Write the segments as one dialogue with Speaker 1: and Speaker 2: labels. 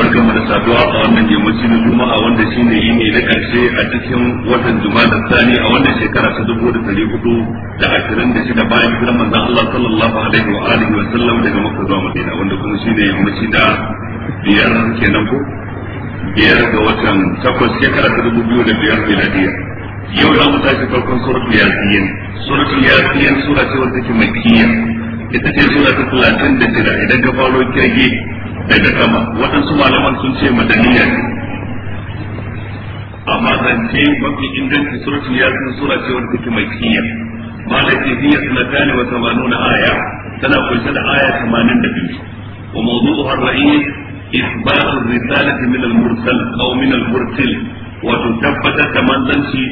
Speaker 1: barkan mu da saduwa a wannan yammaci na juma'a wanda shi ne yi ne na ƙarshe a cikin watan da tsani a wannan shekara ta dubu da ɗari hudu da ashirin da shida bayan hijirar manzon Allah sallallahu alaihi wa alihi wa sallam daga Makka zuwa Madina wanda kuma ne yammaci da biyar kenan ko biyar ga watan takwas shekara ta dubu biyu da biyar biyar. yau za mu tashi farkon suratul yasin suratul yasin sura ce wanda take makkiya ita ce sura ta talatin da shida idan ka faro kirge daga sama waɗansu malaman sun ce madaniya ne amma zance mafi inganci suratul yasin sura ce wadda take makkiya malaki hiya sanatani wa tamanuna aya tana kunshe da aya 82 wa mawdu'uha ar-ra'is إثبات الرسالة من المرسل أو من المرسل وتثبت تمنزنشي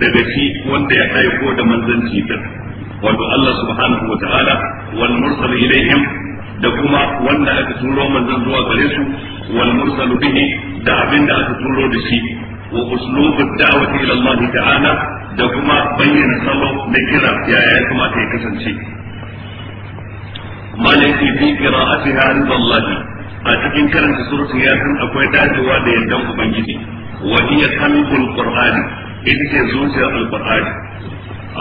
Speaker 1: دغشي da manzanci تمنزنشي wato Allah subhanahu wa ta'ala wal mursal ilaihim da kuma wanda aka turo manzon zuwa gare su wal mursalu bihi da abin da aka turo da shi wa uslubud da'wati ila Allah ta'ala da kuma bayyana salo da kira yaya ya kamata ya kasance malaki fi qira'atiha ridallahi a cikin karanta suratu yasin akwai dacewa da yardan ubangiji wa hiya qalbul qur'ani idan ke zuciya alqur'ani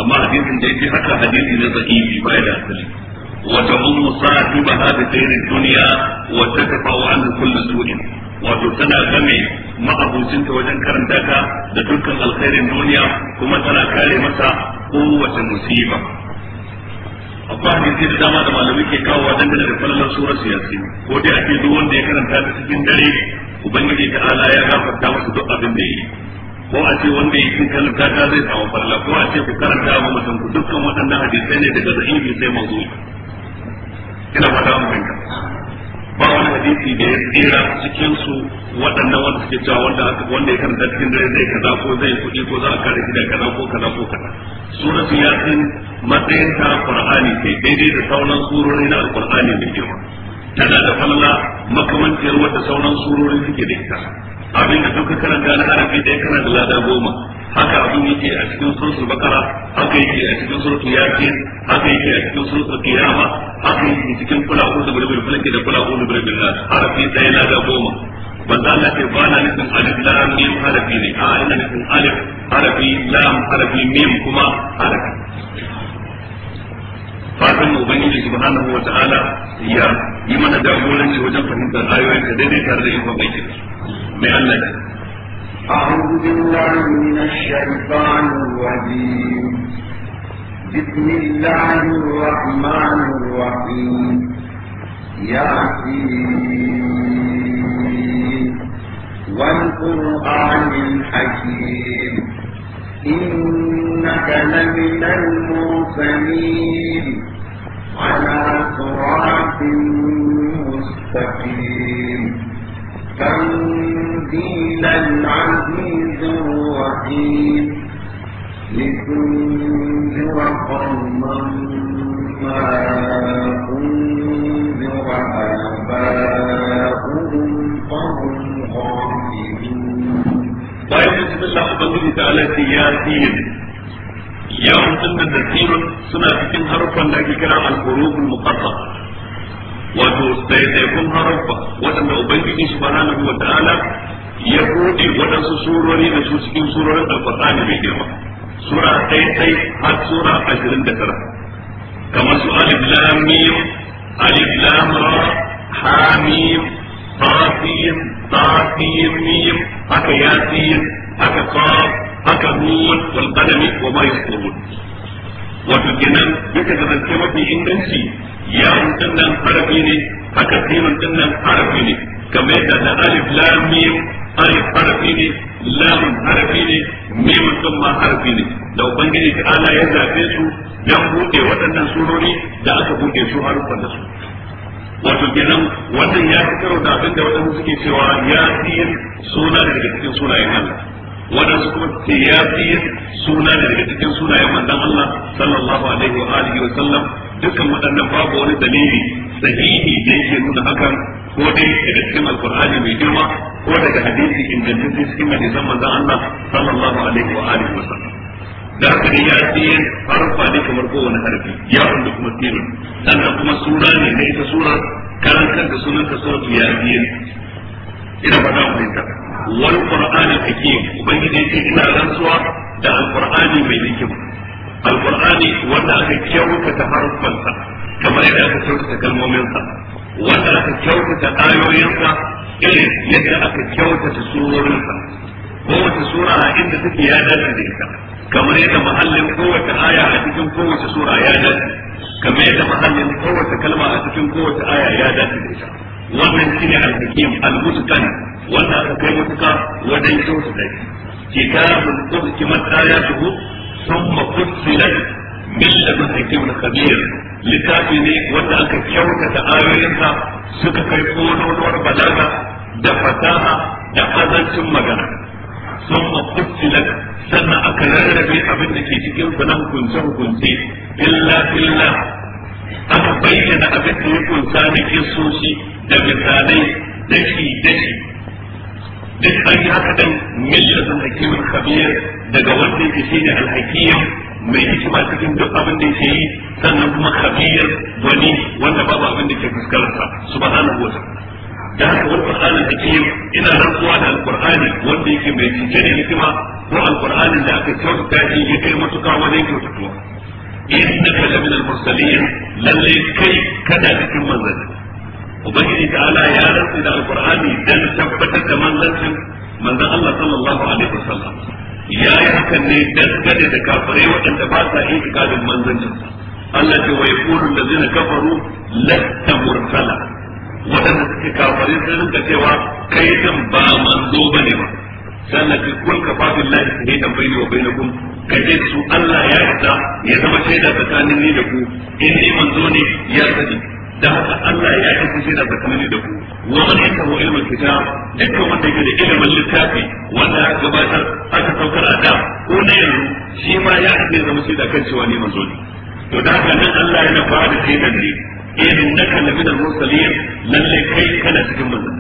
Speaker 1: amma hadisin da yake haka hadisi na sahihi bai da asali وتعم صاحبها بخير الدنيا وتدفع عنه كل سوء wato tana game ma'abucinta wajen karanta ka da dukkan alkhairin duniya kuma tana kare masa kowace musiba akwai hadisi da dama da malamai ke kawo dangane da falalar surar siyasi ko dai ake duk wanda ya karanta ta cikin dare ubangiji ta ala ya gafarta masa duk abin da yi ko a ce wanda ya kin karanta ta zai samu falala ko a ce ku karanta wa mutum ku dukkan waɗannan hadisai ne daga zahiri sai mazuwa ina ba da mun ba wani hadisi da ya tsira cikin su waɗannan wanda suke cewa wanda aka wanda ya karanta cikin dare zai kaza ko zai kuɗi ko za a kare gida kaza ko kaza ko kaza suratu yasin matsayin ta qur'ani ce daidai da sauran surori na alqur'ani mai girma tana da falala makamanciyar wata sauran surori suke da ita abin da duka karanta na arabi da ya karanta lada goma haka abin yake a cikin suratul bakara haka yake a cikin suratul yasin haka yake a cikin suratul qiyama haka yake cikin kula uzu bil falaki da kula uzu bil nas harafi ɗaya na da goma wanda Allah ce ba na nufin alif lam mim harafi ne a ina nufin alif harafi lam harafi mim kuma harafi fatan mu ubangiji subhanahu wa ta'ala ya yi mana da jagoranci wajen fahimtar ayoyin da daidai tare da yin babaiki mai Allah ne
Speaker 2: أعوذ بالله من الشيطان الرجيم بسم الله الرحمن الرحيم يا سيدي والقرآن الحكيم إنك لمن المرسلين على صراط مستقيم تنزيل العزيز الرحيم لتنذر قوما ما أنذر آباؤهم فهم غافلون
Speaker 1: طيب بسم الله سبحانه وتعالى ياسين yawancin da nasirun suna cikin haruffan da ake kira al-huruful muqaddama wato daidaikun haruffa waɗanda ubangiji subhanahu wa ta'ala ya buɗe waɗansu surori da su cikin surorin alqur'ani mai girma sura ɗaya ɗaya har sura ashirin da tara kamar su alif lam mim alif lam ra ha mim ta sin ta sin mim haka yasin haka qaf haka nun wal qalami wa ma yasturun wato kenan duka da zance mafi inganci ya din nan harafi ne haka siman din nan harafi ne kamar yadda na alif lam mim alif harafi ne lam harafi ne mim din ma harafi ne da ubangiji ta ala ya zabe su ya buɗe waɗannan surori da aka buɗe su harufan da su wato kenan wannan ya fi karo da abin da waɗanda suke cewa ya siyin suna daga cikin sunayen Allah waɗansu kuma ce ya fiye suna da daga cikin sunayen manzon Allah sallallahu alaihi wa alihi wa sallam dukkan waɗannan babu wani dalili sahihi da yake nuna hakan ko dai daga cikin alkur'ani mai girma ko daga hadisi ingantattun cikin hadisan manzon Allah sallallahu alaihi wa alihi wasallam da haka ne ya tsaye harfa ne kamar kowane harfi ya da kuma tsiri sannan kuma sura ne na ita sura karan kanta sunan ta suratu ya tsaye ina ba za mu yi ta wal qur'ani hakim ubangiji yake ina rantsuwa da alqur'ani mai hikima alqur'ani wanda aka kyautata harfansa kamar yadda aka kyautata kalmominsa wanda aka kyautata ayoyinsa irin yadda aka kyautata surorinsa kowace sura a inda take ya dace da ita kamar yadda mahallin kowace aya a cikin kowace sura ya dace kamar yadda mahallin kowace kalma a cikin kowace aya ya dace da ita wannan shine al-hakim al wanda aka kai mutuka wajen kyautata shi kitabun qudsi mat ayatuhu ثم فصلت من لدن حكيم خبير littafi ne wanda aka kyautata ayoyinsa suka kai kololuwar balaga da fasaha da azancin magana sun mafusilat sannan aka rarrabe abin da ke cikin sunan kunce-kunce illa-illa aka bayyana abin da ya kunsa da kisoshi da misalai dashi-dashi daga wannan yake shine alhakim mai hikima cikin duk abin da yake yi sannan kuma khabir wani wanda babu abin da ke fuskarsa, sa subhanahu wa da haka wani qur'anin hakim ina rantsuwa da alqur'ani wanda yake mai cike da hikima ko alqur'anin da aka kyautata shi ya kai matuƙa wajen kyautatuwa da lamin al-mursalin lalle kai kana cikin manzanni ubangiji ala ya rantsu da alqur'ani dan tabbatar da manzancin manzon Allah sallallahu alaihi wasallam ya yi hakan ne dangane da kafirai waɗanda ba sa yin ikadin manzancin Allah ce wa yaqulu allazina kafaru lasta mursala waɗanda suke kafirai sun rinka cewa kai kan ba manzo bane ba sannan ki kun kafa billahi shahidan baini wa bainakum kaje su Allah ya yarda ya zama shaida tsakanin ni da ku in ni manzo ne ya sadi da haka Allah ya yi fushi da tsakanini da ku wa man yakamu ilmul kitab dukkan wanda yake da ilimin littafi wanda aka gabatar aka saukar a da ko na yanzu shi ma ya haɗe zama shi da kan cewa ni manzo ne to da haka nan Allah yana ba da shaidan ne innaka laminal mursalin lalle kai kana cikin manzo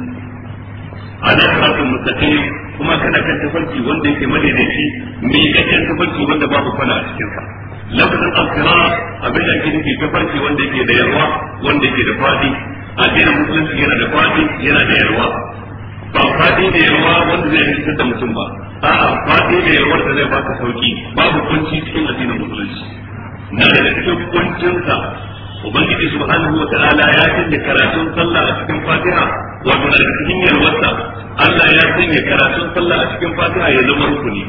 Speaker 1: ana sirafin mustaqim kuma kana kan tafarki wanda yake madaidaici mai kakken tafarki wanda babu kwana a cikin lafazin alkira abin da ake nufi tafarki wanda yake da yalwa wanda yake da fadi addinin musulunci yana da fadi yana da yalwa ba fadi da yalwa wanda zai fitar da mutum ba a'a fadi da yalwar da zai baka sauki babu kunci cikin addinin musulunci na da cikin kuncinsa ubangiji subhanahu wa ta'ala ya sanya karatun sallah a cikin fatiha wato da cikin yalwarsa Allah ya sanya karatun sallah a cikin fatiha ya zama rukuni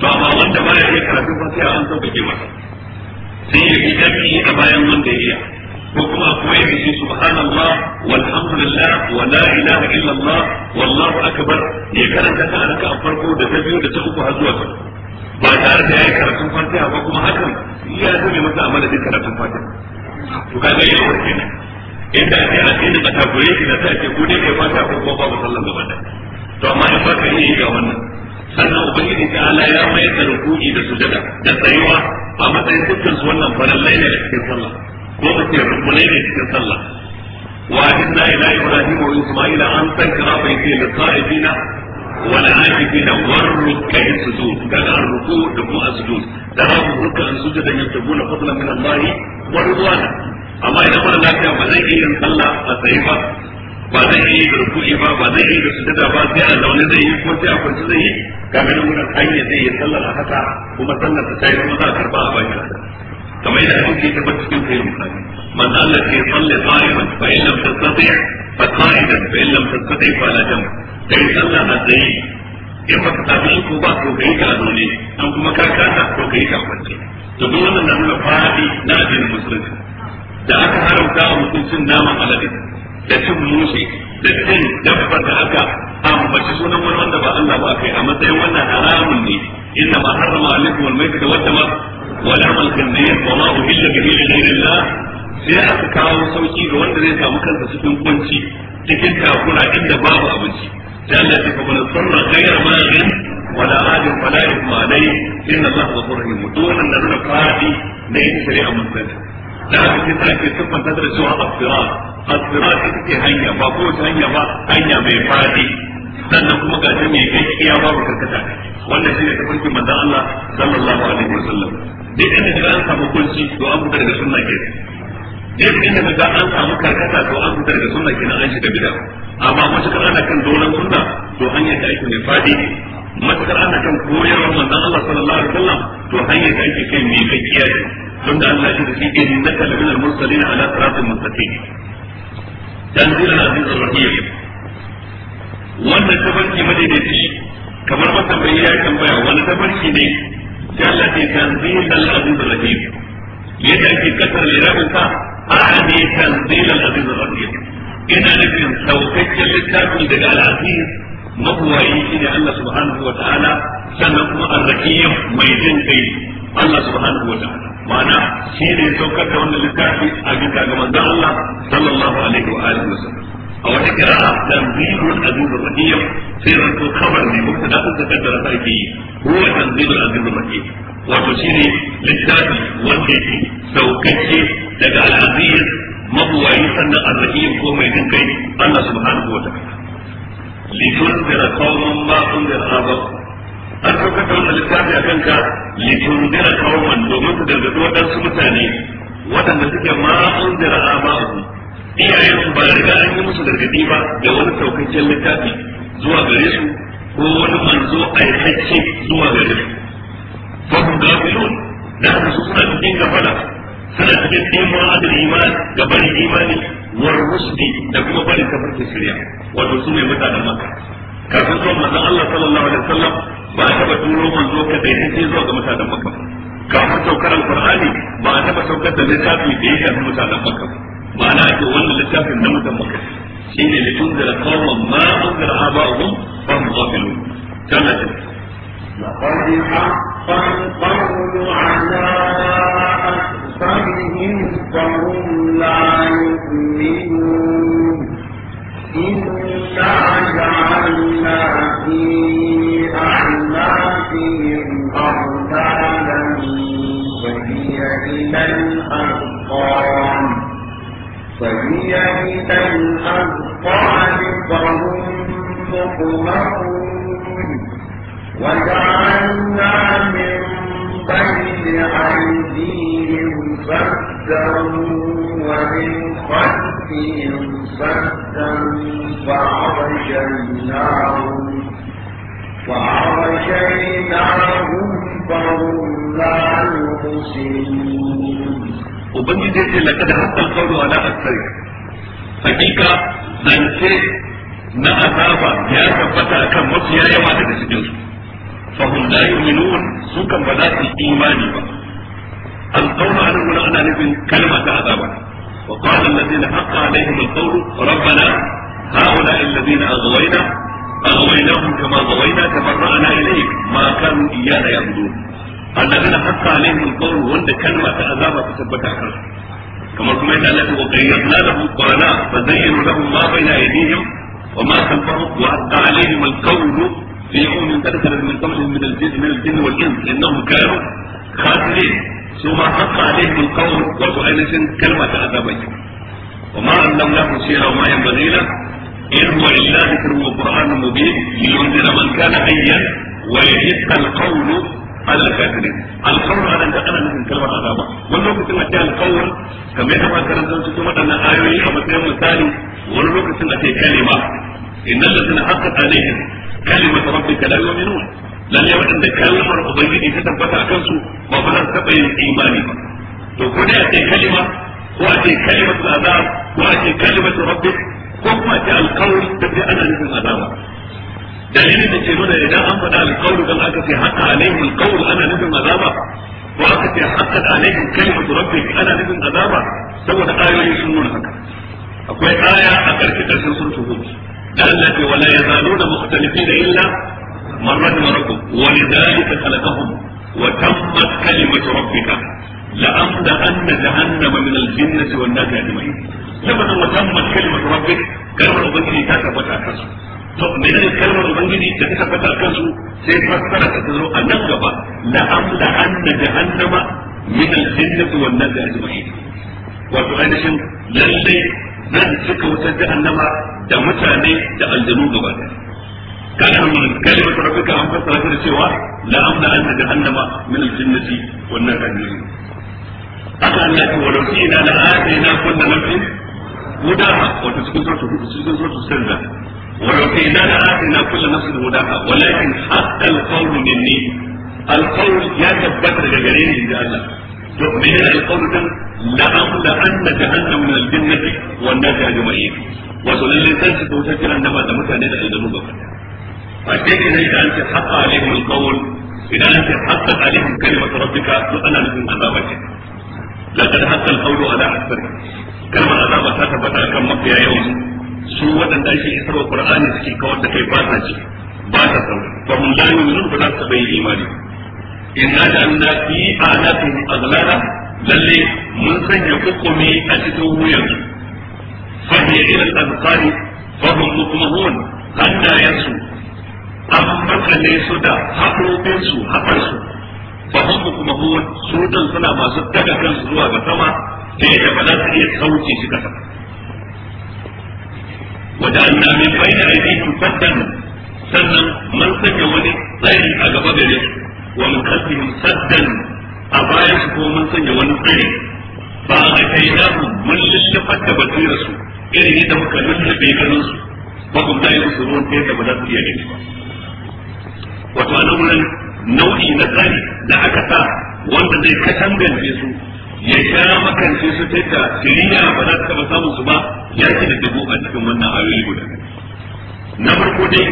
Speaker 1: to amma wanda ba ya yi karatu ba sai an sauƙaƙe masa sai ya yi jami'i a bayan wanda ya iya ko kuma kuma ya yi subhanallah walhamdulillah wa la ilaha illallah wallahu akbar ya karanta ta raka a farko da ta biyu da ta uku har zuwa ta ba tare da ya yi karatun fatiha ba kuma hakan ya zame masa a madadin karatun fatiha to kaga yawa kenan inda ake addini a takure ki na sa ke ko dai kai fata ko kuma ba sallan gaba da to amma in baka yi ga wannan sannan ubangiji ta ala ya mai da ruku'i da sujada da tsayuwa a matsayin dukkan su wannan farallai ne da cikin sallah ko ka ce rukunai ne cikin sallah wa inna ila ibrahim wa isma'ila an tankara fa yake lisa'ibina wa la'akifina warrukai sujud daga ruku da kuma sujud da rabu rukkan sujada yantabuna fadlan min Allah wa ridwana amma idan mara lafiya ba zai iya yin sallah a tsayuwa. ba zai yi da rukuni ba ba zai yi da sujada ba sai a zaune zai yi ko sai a kwance zai yi kaga nan wurin hanya zai yi sallar a haka kuma sallar ta yi kuma za a karba a baki kamar yadda ake ta cikin kai misali man Allah ke salli qa'iman fa in lam tastati fa qa'idan fa in lam tastati fa la jam kai sallah a tsaye in ba ka tafi ko ba to kai ka zaune an kuma ka kasa to kai ka kwance to duk wannan na nuna fadi na addinin musulunci da aka haramta wa mutuncin naman alade da cin mushi da cin dabbar da aka ambaci sunan wani wanda ba Allah ba kai a matsayin wannan haramun ne inna ma harrama alaikum wa dama wa lahma wa ma uhilla bihi li ghayrillah sai aka kawo sauki ga wanda zai samu kansa cikin kunci cikin takura inda babu abinci sai Allah ya kuma sarra ghayra maghin inna Allah ghafurur rahim to wannan da fadi ne shari'a da aka ce sai ake siffanta da cewa asirat asirat ita ce hanya ba kowace hanya ba hanya mai fadi sannan kuma ga ta mai gaskiya babu karkata wannan shine tafarkin manzon Allah sallallahu alaihi wasallam duk inda da an samu kunci to an fita daga sunna ke duk inda da an samu karkata to an fita daga sunna kenan an shiga bid'a amma matakar ana kan dolan sunna to hanyar da ake mai fadi matakar ana kan koyarwar Allah sallallahu alaihi to kai don da Allah ya ce innaka laminal mursalin ala siratin mustaqim tanzilul azizur rahim wannan tabarki madaidaici kamar matambayi ya tambaya wani tabarki ne da Allah ke tanzilul azizur rahim yadda ake kasar lirabin sa a'a ne tanzilul azizur rahim ina nufin saukakken littafi daga al'aziz mahuwayi shi ne Allah subhanahu wa ta'ala sannan kuma mai jin kai Allah ta'ala ma'ana shi ne saukar da wannan littafi a bisa ga manzon Allah sallallahu alaihi wa alihi wa sallam a wata kira tanzilul azizur rahim sai ran to khabar ne mutum da aka kaddara sai ke yi huwa tanzilul azizur rahim wato shi ne littafi wanda yake saukacce daga al-aziz mabuwayi sannan ar-rahim ko mai jin kai Allah subhanahu wa ta'ala li tunzira qauman ma tunzira abahum an saukar da wannan littafi a kanka litundira kawman domin su gargaɗi waɗansu mutane waɗanda suke ma a aba'u iyayen su ba riga an yi musu gargaɗi ba da wani saukakken littafi zuwa gare su ko wani manzo aikace zuwa gare su fa hum gafilun da haka su suna cikin gafala suna cikin tsimo adal iman gaban imani war rusdi da kuma bari kafar shirya wato su ne mutanen maka kafin zuwa Allah sallallahu alaihi wasallam ba a taba turo manzo ka dai sai zuwa ga mutanen makka kafin saukar alqur'ani ba a taba saukar da littafi da ya shafi mutanen makka ba na ake wannan littafin na mutanen makka shine litunzira qauman ma unzira aba'uhum fa hum ghafilun tallatin لقد
Speaker 2: حق القول على أكثرهم فهم لا يؤمنون إنا جعلنا في أعلم من الأذقان فهي من الأذقان فهم مقمرون وجعلنا من بين أيديهم سدا ومن خلفهم سدا فعرجيناهم فعرجيناهم فهم ubangiji ya ce laqad haqqal qawlu
Speaker 1: ala aktsari hakika zance na azaba ya tabbata kan mafiya yawa daga cikin su fa hum la yu'minun su kan ba za su imani ba القول على هنا a نبي كلمة عذابا وقال الذين حق عليهم القول ربنا هؤلاء الذين أغوينا أغويناهم كما غوينا تبرأنا إليك ما كانوا إيانا yanzu. الذين حق عليهم القول وند كلمة عذاب تثبت على كما كما الله وقيضنا لهم قرنا فزينوا لهم ما بين أيديهم وما خلفهم وأبقى عليهم القول في يوم تذكر من قبلهم من الجن من الجن والإنس إنهم كانوا خاسرين ثم حق عليهم القول وسؤال كلمة عذابهم
Speaker 2: وما علمناه الشيء
Speaker 1: وما ينبغي له إن هو إلا ذكر وقرآن مبين لينذر من كان حيا ويحق القول alal kafirin alqawlu anan da ana nufin kalmar azaba wani lokacin a ce alqawl kamar yadda muka karanta cikin waɗannan ayoyi a matsayin misali wani lokacin a ce kalima innal ladina haqqat alaihim kalimatu rabbika la yu'minun lalle waɗanda kalmar ubangiji ta tabbata a kansu ba ba za su taɓa yin imani ba to ko da a ce kalima ko a ce kalimatu azab ko a ce kalimatu rabbik ko kuma a ce alqawl da ana nufin azaba dalilin da ke nuna idan an faɗa alƙawlu dan aka ce haka alaihi alƙawlu ana nufin azaba ko aka ce haka alaihi kalimatu rabbik ana nufin azaba saboda ayoyi sun nuna haka akwai aya a ƙarshe ƙarshen suratul hud da Allah ce wala yazaluna mukhtalifina illa man rahima wa lidhalika khalaqahum wa tammat kalimatu rabbika لأمد أن جهنم من الجنة والناس أجمعين. لما تمت كلمة ربك كلمة ربك تاتى kasu. to menene kalmar ubangiji da ta tabbata kansu sai fassara ta zo a nan gaba la amla anna jahannama min al-jinnati wan nasi ajma'in wato ainihin lalle zan cika wutar jahannama da mutane da aljanu gaba da kalmar kalmar rabbika an fassara ta cewa la amla anna jahannama min al-jinnati wan nasi ajma'in aka Allah ya wala fi na la atina kullu nafsin hudaha wato cikin suratul hudu cikin suratul sirra ورقينا لآتنا كل نفس هداها ولكن حق القول مني القول يا تبت لجرين عند الله تؤمن القول ده لأملأن جهنم من الجنة والناس أجمعين وسنن لسان ستوتكر أنما دمتها ندى إلى نبقى فكيف إذا أنت حق عليهم القول إذا أنت حقت عليهم كلمة ربك فأنا لهم عذابك لقد حق القول على أكثر كما عذابك تبت كم مقيا يوم su waɗanda ake isar wa qur'ani suke kawar da kai ba ta ci ba sa san ba mun la yin ba za su bai imani inna ja'alna fi anatihim aghlala lalle mun sanya hukumi a cikin wuyan. fa hiya ila al-azqani fa hum mutmahun hannayensu an makale su da haƙoƙinsu haƙarsu fa hum mutmahun su dan suna masu daga kansu zuwa ga sama da ba za su iya sauke shi kasa وجعلنا من بين أيديهم سدا sannan man sanya wani tsari a gaba gare su wa min khalfihim saddan a bayan su ko mun sanya wani tsari ba a kai da mun lissafa da basirar su irin yadda muka lissafa ganin su ba kun da yin surun ta yadda ba za su iya gani ba wato a nan nau'i na tsari da aka wanda zai katangance su ya sha makance su ta yadda shari'a ba za ta taɓa samun su ba ya ce da dubu a cikin wannan ayoyi guda na farko dai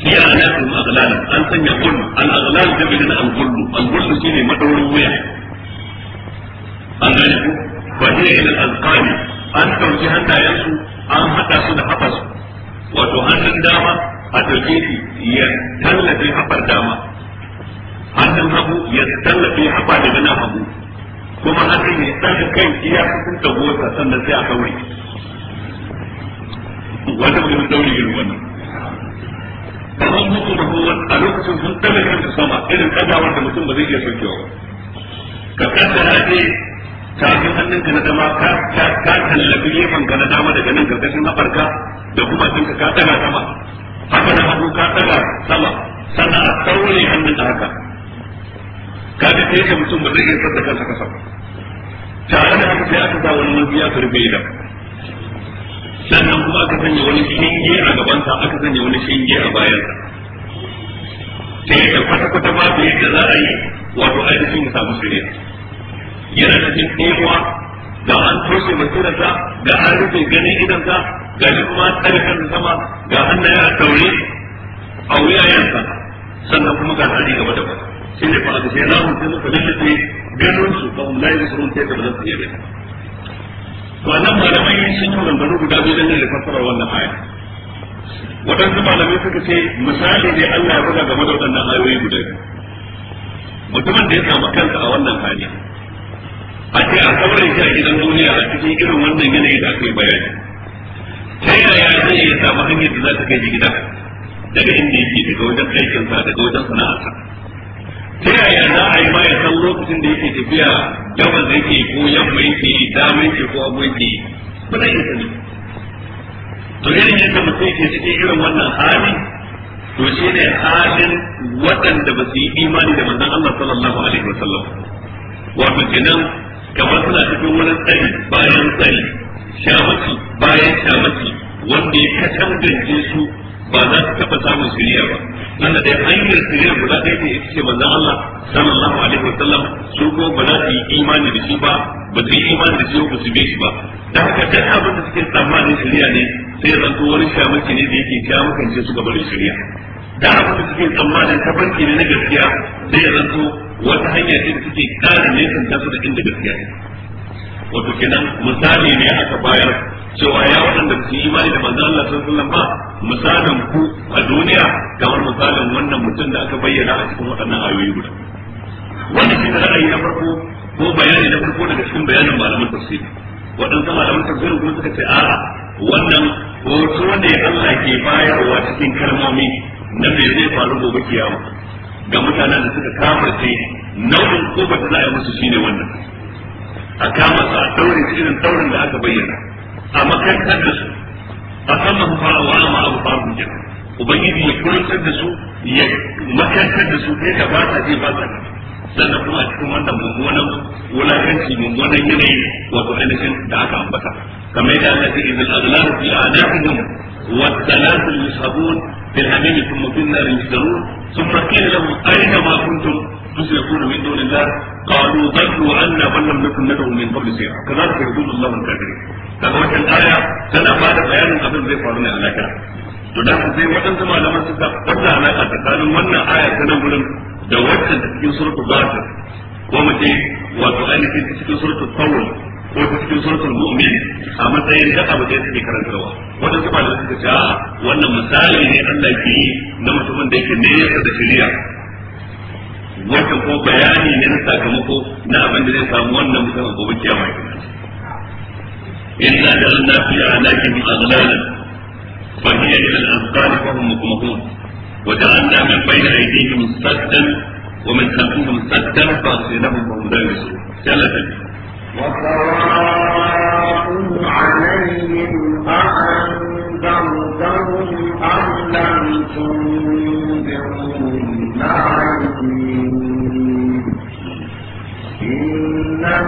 Speaker 1: kiya fi alaƙin aghlal an sanya gullu al aghlal da bidin al gullu al gullu shine madaurin wuya an gane ku fa hiya ila al an tauki hannayen su an hada su da haɓa su wato hannun dama a dauke shi ya tallafe hafar dama hannun hagu ya tallafe hafa daga na hagu kuma hannun ne ɗaga kai iya kusan da gota sannan sai a kawai wanda mutum daure yin wannan kamar mutum da kuma a lokacin sun ɗaga su sama irin ɗagawar da mutum ba zai iya saukewa ba ka kaddara ne hannun hannunka na dama ka tallafi gefen ka na dama daga nan gargashin haɓarka da kuma sun ka ɗaga sama haka na hagu ka ɗaga sama sannan a ɗaure hannun haka kada sai da mutum ba zai iya sadda kansa kasa tare da haka sai aka sa wani mabiya karbe da sannan kuma aka sanya wani shinge a gabansa aka sanya wani shinge a bayansa sai da kwata-kwata babu yadda za a yi wato ainihin ya samu shirya yana cikin ɗewa ga an toshe basirarsa ga an rufe ganin idansa ga shi kuma tsare kan sama ga hannaye a taure a wuyayensa sannan kuma ga hali gaba da gaba shi ne fa abu sai na mun sai muka lallace ganin su ba mun layi sun sai da ba su yi to nan malamai sun yi maganganu guda biyu dangane da fassarar wannan aya waɗansu malamai suka ce misali ne Allah ya buga game da waɗannan ayoyi guda biyu mutumin da ya samu kansa a wannan hali a ce a saurin shi a gidan duniya a cikin irin wannan yanayi da aka yi bayani ta yaya zai iya samu hanyar da za ta kai gida daga inda yake daga wajen aikinsa daga wajen sana'arsa ta yaya za a yi bayan san lokacin da yake tafiya yawan da yake ko yamma yake dama yake ko abu yake ba zai yi sani to irin yadda mutum yake cikin irin wannan hali to shi ne halin waɗanda ba su yi imani da manzon Allah sallallahu alaihi sallam. wato kenan kamar suna cikin wani tsari bayan tsari shamaki bayan shamaki wanda ya katangar su ba za su taɓa samun shirya ba wanda da hanyar sirrin guda ɗaya ce ita ce manzon Allah sallallahu alaihi wasallam su ko ba za su yi imani da shi ba ba su yi imani da shi ba su bi shi ba da haka duk abin da suke tsammanin shari'a ne sai ya zanto wani shamaki ne da yake kya ce su da shari'a da abin da suke tsammanin tabarki ne na gaskiya sai ya zanto wata hanya ce da suke ne kan tasu da inda gaskiya ne wato kenan misali ne aka bayar cewa ya waɗanda su yi imani da manzan Allah sun sallan ba misalin ku a duniya kamar misalin wannan mutum da aka bayyana a cikin waɗannan ayoyi guda wanda ke da ra'ayi na farko ko bayani na farko daga cikin bayanin malaman tafsiri waɗansu malaman tafsiri kuma suka ce a'a wannan hoto ne Allah ke bayarwa cikin kalmomi na me zai faru gobe kiyama ga mutanen da suka kafarce nau'in ko ba ta za a yi musu shine wannan a kama sa a ɗaure irin ɗaurin da aka bayyana a makarantar da su a sama fara wa ma abu faru jin ubangiji ya kurantar da su ya makarantar da su kai da ba je ba sa sannan kuma a cikin wannan mummunan wulakanci mummunan yanayi wato ainihin da aka ambata kamar yadda Allah ya izil azlamu fi a'naqihim wa salatul yusabun fil hamim thumma fi nar yusarun thumma qila lahum ayna ma kuntum يشركون من دون الله قالوا ضلوا عنا بل لم نكن ندعو من قبل شيئا كذلك يقول الله الكافرين kaga wajen aya tana ba da bayanin abin zai faru ne a lahira to da sai waɗansu malaman suka wata alaƙa tsakanin wannan aya ta nan gurin da wacce da cikin surutu ba ta. ko mu ce wato ainihin cikin surutu tawr ko ta cikin surutu mu'min a matsayin da abu da yake karantarwa wanda suka da suka ce wannan misali ne Allah ke na mutumin da yake ne ya da shari'a wata ko bayani ne na sakamako na abin da zai samu wannan musamman gobe kiyama da kenan inna jalna fi alakin aghlalan fa hiya ila al-azqan fa hum muqmahun wa ja'alna min bayni aydihim sassan wa min khalfihim saddan fa asrinahum wa hum la yusirun jalatan
Speaker 2: وسواء عليهم أأنذرتهم أم لم تنذرهم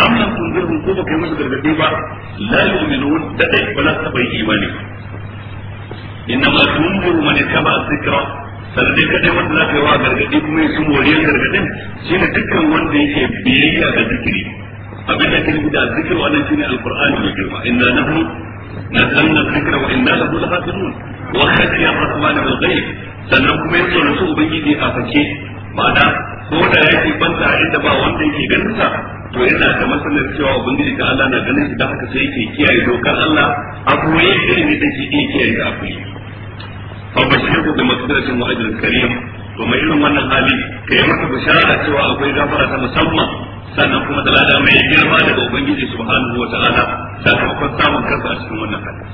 Speaker 1: am lam tunzirhum ko baka kai musu gargadi ba la yu'minun da dai ba za su bai imani ma tunziru man ittaba dhikra sannan ka dai wanda za ka yi wa gargadi kuma ya su moriyar gargadin shine dukkan wanda yake biyayya ga zikiri abin da kake da zikir wannan shine alqur'ani mai girma inna nahnu nazzalna dhikra wa inna lahu lahafizun wa khashiya rahman bil ghaib sannan kuma yaso rasul ubangiji a fake ma'ana ko da yake banta inda ba wanda yake ganin sa to yana da masanar cewa ubangiji ta Allah na ganin shi da haka sai yake kiyaye dokar Allah a koyi irin da ke iya kiyaye da akwai fa bashiru da masdaratin wa ajrul karim to mai irin wannan hali kai masa bishara cewa akwai gafara ta musamman sannan kuma da mai girma daga ubangiji subhanahu wa ta'ala sakamakon samun kansa a cikin wannan hali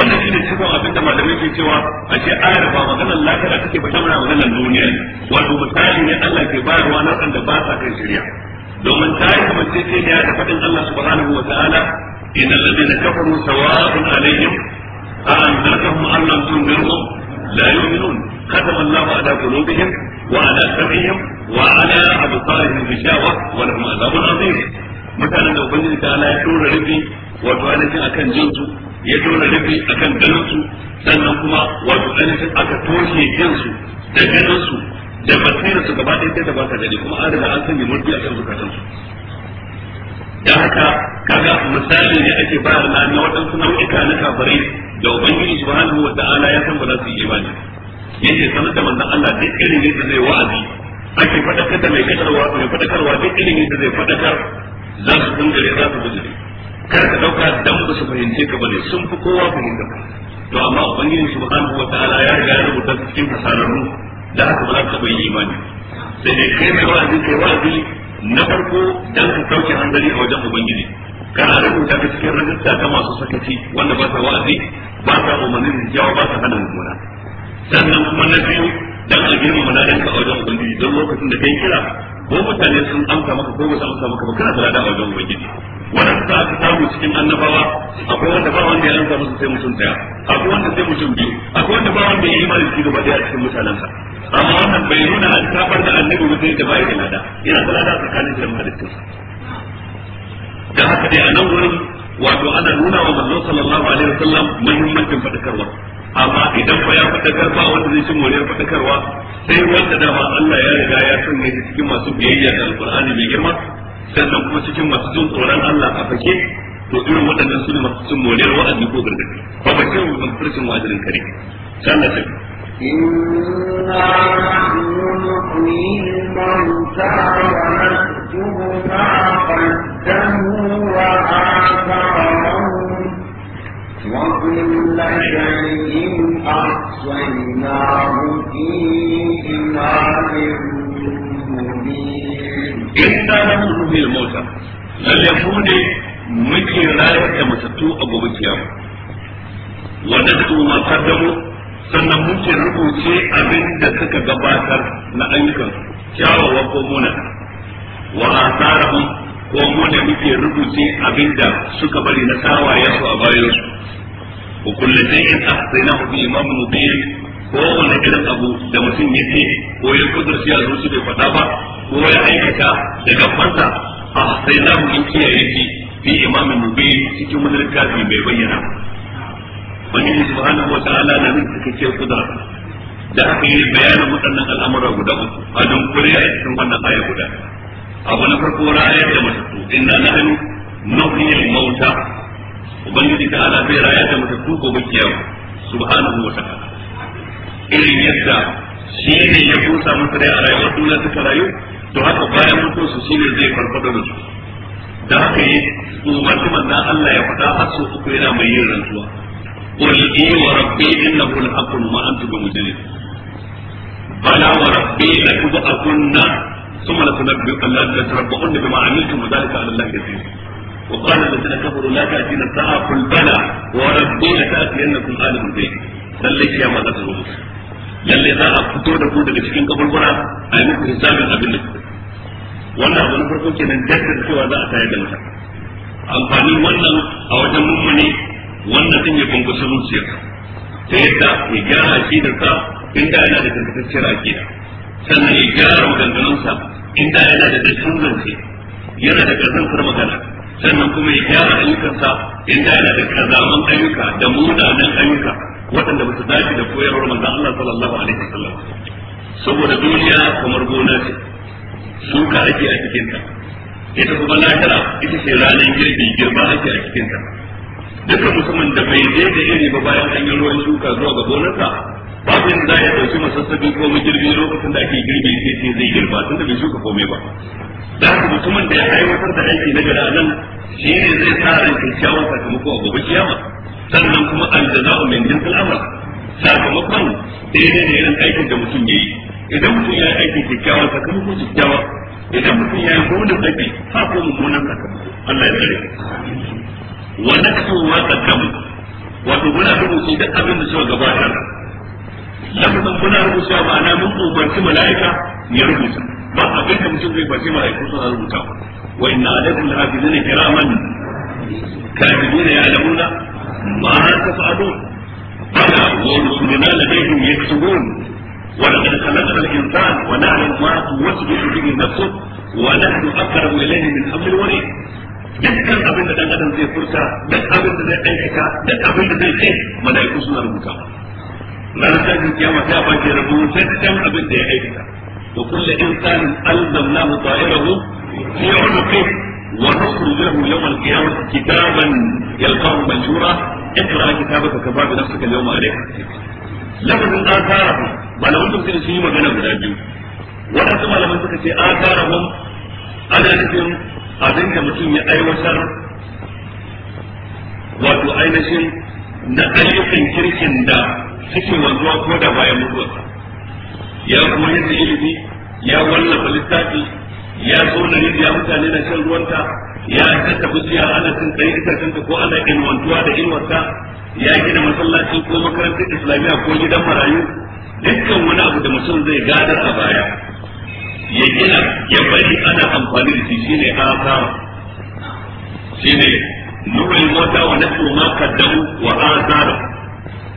Speaker 1: wannan shi ne cikin abin da malamai ke cewa a ce ayar ba maganar lafiya take ba ta mana maganar duniya wato misali ne Allah ke bayarwa na da ba sa kan shirya domin ta yi mace ce da ya da faɗin Allah subhanahu wa ta'ala inna alladhina kafaru sawa'un alaihim a anzartahum am sun tunzirhum la yu'minun khatama Allah ala qulubihim wa ala sam'ihim wa ala absarihim bishawa wa lahum adhabun adhim mutanen da ubangiji ta ala ya tura rufi wato ainihin akan jinsu ya tura rufi akan ganinsu sannan kuma wato ainihin aka toshe jinsu da ganinsu da matsayin su gaba ɗaya da ba ta daɗi kuma an riga an sanya mulki a kan bukatun su da haka kaga misali ne ake ba da na waɗansu nau'ika na kafare da ubangiji subhanahu wa ta'ala ya san ba za su yi imani yake sanar da manzon Allah duk irin yadda zai wa'azi ake faɗakar da mai faɗakarwa mai faɗakarwa duk irin yadda zai faɗakar za su dungare za su bijire kar ka ɗauka dan ba su fahimce ka bane sun fi kowa fahimta to amma ubangiji subhanahu wa ta'ala ya riga ya rubuta cikin hasararru da haka ba za ka taɓa imani sai dai kai mai wa'azi kai wa'azi na farko dan ka sauke hanzari a wajen ubangiji kana rubuta ka cikin rajista ta masu sakaci wanda ba sa wa'azi ba sa umarnin jawa ba sa hana mummuna sannan kuma na biyu dan a girmama na danka a wajen ubangiji don lokacin da kai kira ko mutane sun amsa maka ko ba su amsa maka ba kana da ladan a wajen ubangiji waɗanda aka samu cikin annabawa akwai wanda ba wanda ya ansa musu sai mutum daya akwai wanda sai mutum biyu akwai wanda ba wanda ya yi imani shi gaba daya cikin mutanensa amma wannan bai nuna an tabar da annabi mutum da bai da lada yana da lada tsakanin da mahalittinsa da haka dai a nan wurin wato ana nuna wa manzon sallallahu alaihi wasallam muhimmancin fadakarwa amma idan ba ya fadakar ba wanda zai ci moriyar fadakarwa sai wanda dama Allah ya riga ya sanya shi cikin masu biyayya da qurani mai girma sannan kuma cikin masu jin tsoron Allah a fake to irin waɗannan su ne masu cin moriyar wa'azi ko gargaɗi ba ba kyau masu cin wa'azin kare sallah ta
Speaker 2: إنا نحن نحيي الموتى ونكتب ما قدموا وآثارهم وكل شيء أحصيناه
Speaker 1: lalle ku ne muke rayar da matattu a gobe kiyama wannan su ma kaddamu sannan muke rubuce abin da suka gabatar na ayyukan kyawawan ko muna wa asarahum ko mu ne muke rubuce abin da suka bari na tawayen su a bayan su wa kullu dayin ahsaynahu bi imamin mubin ko wani irin abu da mutum yake ko ya kudurci a zuci bai ba ko ya aikata da gafansa sai mu yi kiyaye shi bi mu mubin cikin wani littafi mai bayyana wani subhanahu wa ta'ala na nan ce kudura da aka yi bayanin waɗannan al'amura guda uku a kuri a cikin wannan aya guda abu na farko rayar da matattu inna nahnu nuhyil mauta ubangiji ta ala zai rayar da matattu ko kiyama subhanahu wa ta'ala irin yadda shi ne ya kusa musu rai a rayuwar duniya suka rayu to haka bayan mutuwar su shine zai farfado da da haka yi umarci manzan Allah ya faɗa har su uku yana mai yin rantsuwa qul i wa rabbi innahu al-haqqu ma antum mujrimin bala wa rabbi la tubaqunna ثم لتنبؤن بما عملتم وذلك على الله يسير وقال الذين كفروا na ta الساعة قل بلى وربي لتأتينكم آل من بيتي لليس يا ماذا تزورون lalle za a fito da ku daga cikin kaburbura a yi muku hisabin abin da wannan abu na farko nan jaddada cewa za a tayar da mutum amfani wannan a wajen mummuni wannan din ya bunkusa zuciya ta yadda ya gyara akidarsa inda yana da tabbatacciyar akida sannan ya gyara maganganunsa inda yana da dattin zance yana da ƙarfin magana sannan kuma ya gyara ayyukansa inda yana da kazaman ayyuka da koyarwar manzon Allah sallallahu alaihi wasallam saboda duniya kamar gona ce shuka ake a cikin ta ita kuma lahira ita ce ranar girbi girma ake a cikin ta dukkan musamman da bai je da iri ba bayan an yi ruwan shuka zuwa ga ba babu yadda za a ɗauki masassabi ko girbi lokacin da ake girbi sai sai zai girba tunda bai shuka komai ba da haka mutumin da ya aiwatar da aiki na gari nan shi ne zai sa ran kyakkyawan sakamako a gobe kiyama sannan kuma aljaza'u min jinsil amal sakamakon daidai da irin aikin da mutum ya yi idan mutum ya yi aikin kyakkyawa sakamakon kyakkyawa idan mutum ya yi mummunan aiki ha ko mummunan sakamako Allah ya tsare wa naksu wa qaddamu wato muna rubuci duk abin da suka gabatar lafazin muna rubuta ma'ana mun umarci mala'ika ya rubuta ba abin da mutum zai bace mala'iku suna rubuta wa inna alaikum lahafizina kiraman katibina ya'lamuna ma tafa'alun ورسلنا لديهم يكتبون ولقد خلقنا الانسان ونعلم ما توسوس به نفسه ونحن اقرب اليه من حبل الوريد dukkan abin da dan adam zai furta duk abin da zai aikata duk abin da zai ce malaiku suna rubuta ranar tashin kiyama sai a bace rubutaccen abin da ya aikata to kullu insanin alzamnahu ta'irahu fi 'unuqi wa nukhrijuhu yawm al-qiyamah kitaban yalqahu manshura اقرا كتابك كفى بنفسك اليوم عليك sun yi magana guda biyu waɗansu malaman suka ce mutum ya aiwatar wato ainihin na ayyukan kirkin da suke wanzuwa ko da bayan mutuwarsa ya kuma yadda ilimi ya wallafa littafi ya zo da ya mutane na shan ruwanta ya tatta bishiya ana cin tsaye kanta ko ana ilmantuwa da ilmarta ya gina masallaci ko makarantar islamiyya ko gidan marayu dukkan wani abu da mutum zai gadar a baya ya gina ya bari ana amfani da shi shine asara shine nurul mota wa nasu ma kaddamu wa asara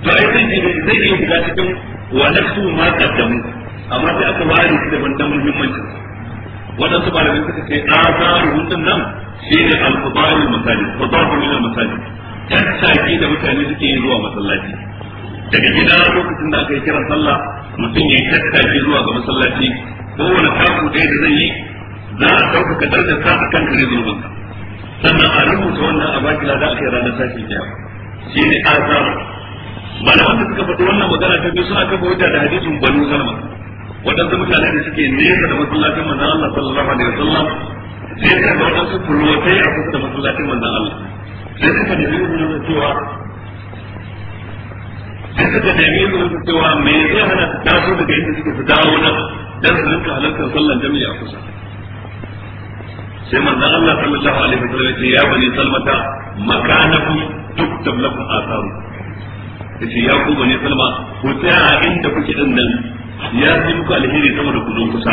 Speaker 1: to ai sai zai iya buga cikin wa nasu ma kaddamu amma sai aka ware shi da da muhimmancin waɗansu malamin suka ce azaruhum din nan shi ne alfabarin masajid fadaru ila masajid tattaki da mutane suke yi zuwa masallaci daga gida lokacin da aka yi kiran sallah mutum ya yi tattaki zuwa ga masallaci wani taku ɗaya da zai yi za a ɗaukaka darajar sa a kan kare zurbin sannan a rubuta wannan a baki lada aka yi ranar tashin kiyama shine azaru malaman da suka faɗi wannan magana ta biyu suna kafa wajen da hadisin banu salma waɗansu mutane da suke nesa da masallacin manzon Allah sallallahu alaihi wasallam sai ka ga waɗansu fulotai a kusa da masallacin manzon Allah sai suka nemi izinin cewa sai suka nemi izinin cewa me zai hana su taso daga inda suke su dawo nan dan su rinka halartar sallan jami'a a kusa sai manzon Allah sallallahu alaihi wasallam ya ce ya bani salmata makanakum duk lakum asaru yace ya ku bani salma ku tsaya inda kuke din nan ya yi muku alheri sama da kudin kusa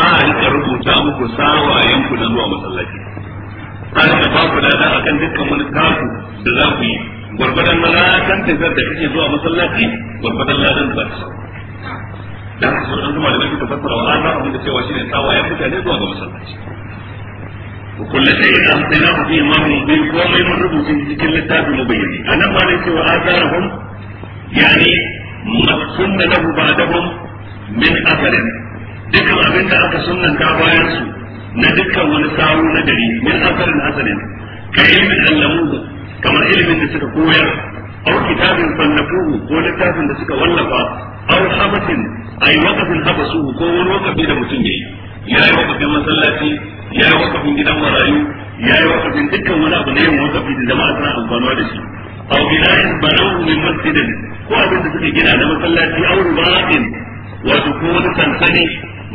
Speaker 1: a rika rubuta muku sawayen ku na zuwa masallaci a rika ba ku da kan dukkan wani kafu da za ku yi gwargwadon kan tafiyar da kake zuwa masallaci gwargwadon ladan ba da su sun an zama da mafi tafasar wa ana abin da cewa shi shine sawayen mutane zuwa ga masallaci وكل شيء أمسيناه في إمام مبين وما يمرب في كل التاب مبين أنا ما نسي وآثارهم يعني ما سن له بعدهم min asarin dukkan abin da aka sunanta bayar su na dukkan wani samu na gari min asarin asarin ka ilmin allamu kamar ilimin da suka koyar aw kitabin fannafuhu ko littafin da suka wallafa aw habatin ay waqafin habasuhu ko wani waqafi da mutum yayi ya yi waqafin masallaci ya yi waqafin gidan marayu ya yi waqafin dukkan wani abu na yin waqafi da jama'a suna amfanuwa da shi aw bina'in banahu min masjidin ko abin da suka gina na masallaci aw rubatin wato ko wani sansani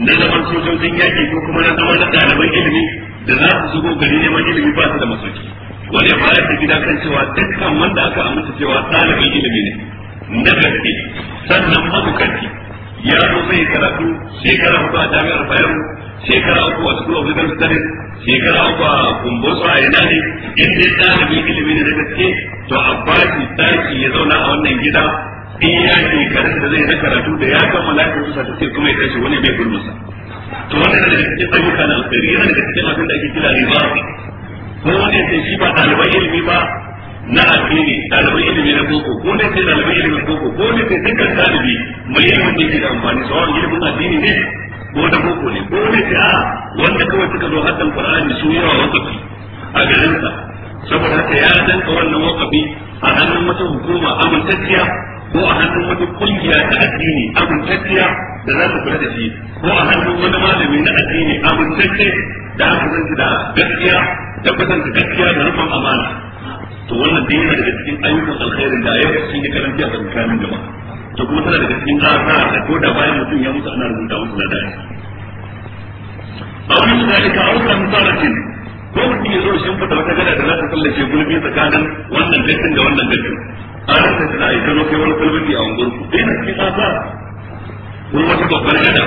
Speaker 1: na zaman sojojin yaƙi ko kuma na zaman na ɗaliban ilimi da za su zubo gari neman ilimi ba su da masauki wani ya fara da gida kan cewa dukkan wanda aka amince cewa ɗalibin ilimi ne na gaske sannan mabukanci ya zo zai karatu shekara uku a jami'ar bayero shekara uku a school of legal studies shekara uku a kumbosu a yana ne in dai ɗalibin ilimi ne na gaske to a bashi ɗaki ya zauna a wannan gida in ya shekarun da zai na karatu da ya kammala lafiya rusa ta sai kuma ya tashi wani bai gurmusa to wannan da daga cikin ayyuka na alkhairi yana daga cikin abin da ake kira riba ko wani sai shi ba ɗaliban ilimi ba na addini ɗaliban ilimi na boko ko ne sai ɗaliban ilimin boko ko ne sai dukkan ɗalibi mai ilimin da yake da amfani sawan ilimin addini ne ko da boko ne ko ne sai a wanda kawai suka zo haddan qur'ani su yawa wakafi a garinsa saboda haka ya danka wannan wakafi a hannun wata hukuma amintacciya ko a hannun wata kungiya ta addini amintacciya da za su kula da shi ko a hannun wani malami na addini amintacce da aka san da gaskiya da kusanta gaskiya da rufin amana to wannan dai yana daga cikin ayyukan alkhairin da ya shi da karanci a tsakanin jama'a to kuma tana daga cikin tsara da ko da bayan mutum ya mutu ana rubuta musu na dai abin da kawo kan misalatin ko mutum ya zo shi fita wata gada da za ta tsallake gulbi tsakanin wannan gatin da wannan gatin Ana rasa tana yi kano kai wani kalmati a unguwar ku ɗaya na cikin asar wani wata babbar gada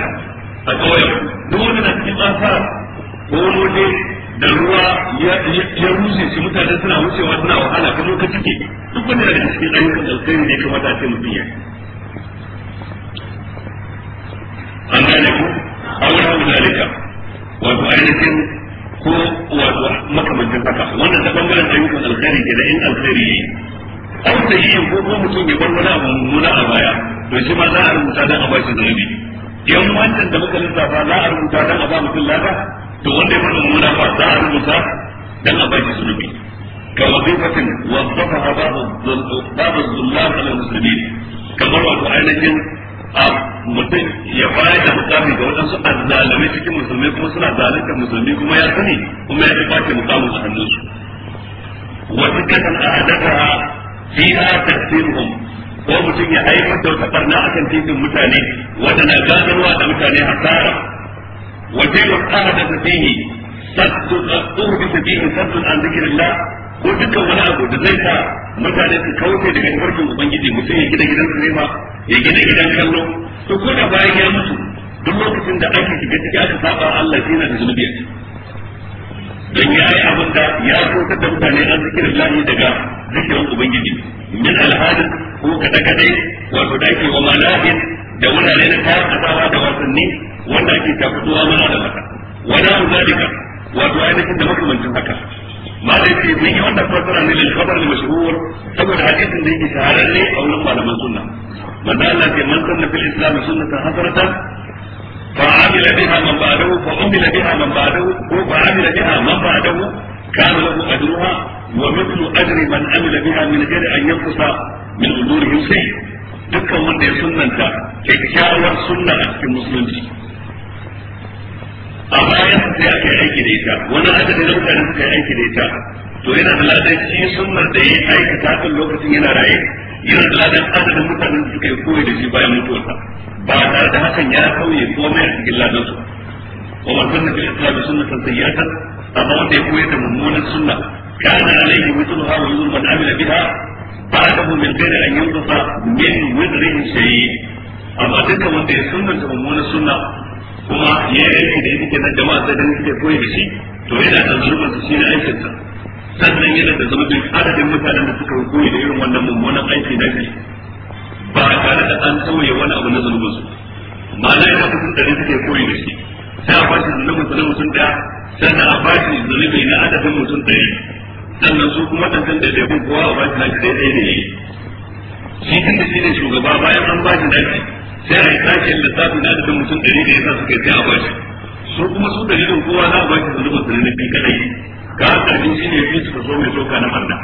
Speaker 1: a ƙauyen duk wani na cikin asar ko wani waje da ruwa ya rushe shi mutane suna wucewa suna wahala kamar ka cike duk wani daga cikin ayyukan alkhairi ne kamata a ce mutum ya an gane ku an wani alika. wato ainihin ko wato makamancin haka wannan ta bangaren ayyukan alkhairi ke da in alkhairi ne an da yi ko kuma mutum ya bar wani abu mummuna a baya to shi ma za a rubuta dan a ba shi zarabi yan wancan da muka lissafa za a rubuta dan a ba mutum lada to wanda ya bar mummuna ba za a rubuta dan a ba shi zarabi ka wazifatin a babu zullah ala muslimin kamar wato ainihin a mutum ya bayar da mukami ga waɗansu azzalamai cikin musulmi kuma suna zalunta musulmi kuma ya sani kuma ya ci ɓace mukamin a hannunsu wasu kasan a adaka fiha tasiruhum ko mutum ya haifar da wata barna akan titin mutane wanda na gadarwa da mutane hasara wa jayu ahada fihi saddu tuhdi fihi saddu an zikrillah ko dukkan wani abu da zai sa mutane su kauce daga farkin ubangiji mutum ya gida gidan su ne ba ya gina gidan kallo to kuna da bayan ya mutu duk lokacin da aka shiga ciki aka saba Allah yana da zunubi don ya yi abin da ya kautar da mutane an zikirin lahi daga zikirin ubangiji min alhadin ko kada kadai wato da ake wa malahin da wurare na kayan kasawa da wasanni wanda ake tafutuwa mana da mata wala zalika wato ainihin da makamancin haka malai ce mun yi wannan fasara ne lil khabar mashhur saboda hadisin da yake shahararre a wurin malaman sunna manzo Allah ce man sanna fil islam sunnatan hasanatan فعمل بها من بعده فعمل بها من بعده وعمل بها من بعده كان له أجرها ومثل أجر من عمل بها من غير أن ينقص من أجورهم شيء dukkan wanda ya sunanta kyakkyawar sunna a cikin musulunci a baya sai aka yi aiki da ita wani adadin da mutane suka yi aiki da ita to yana da ladan sunnar da ya aikata kan lokacin yana raye yana da ladan adadin mutanen da suka yi koyi da shi bayan mutuwarsa ba tare da hakan ya kauye komai a cikin ladan su wa da sunna fil islam sunnatan sayyatan amma wanda ya koyar da mummunan sunna kana alaihi mithluha wa yuzul man amila biha mu min ghairi an yunqasa min wizrihi shay'in amma dukkan wanda ya da mummunan sunna kuma ya yi da yake na jama'a sai dan yake koyi da shi to yana da zurban shi na aikin sa sannan yana da zurban adadin mutanen da suka koyi da irin wannan mummunan aiki na shi ba tare da an tauye wani abu na zunubin su ma'ana yana mutum ɗari suke koyi da shi sai a bashi zunubin su na mutum da sannan a bashi zunubin na adadin mutum ɗari sannan su kuma zan da daidai kowa a bashi shi daidai ne shi kan da shi ne shugaba bayan an bashi shi sai a yi sake lissafin na adadin mutum da da ya sa suka yi sai a bashi su kuma su da kowa na bashi zunubin su na kadai ka haka shi ne fi su ka zo mai soka na farda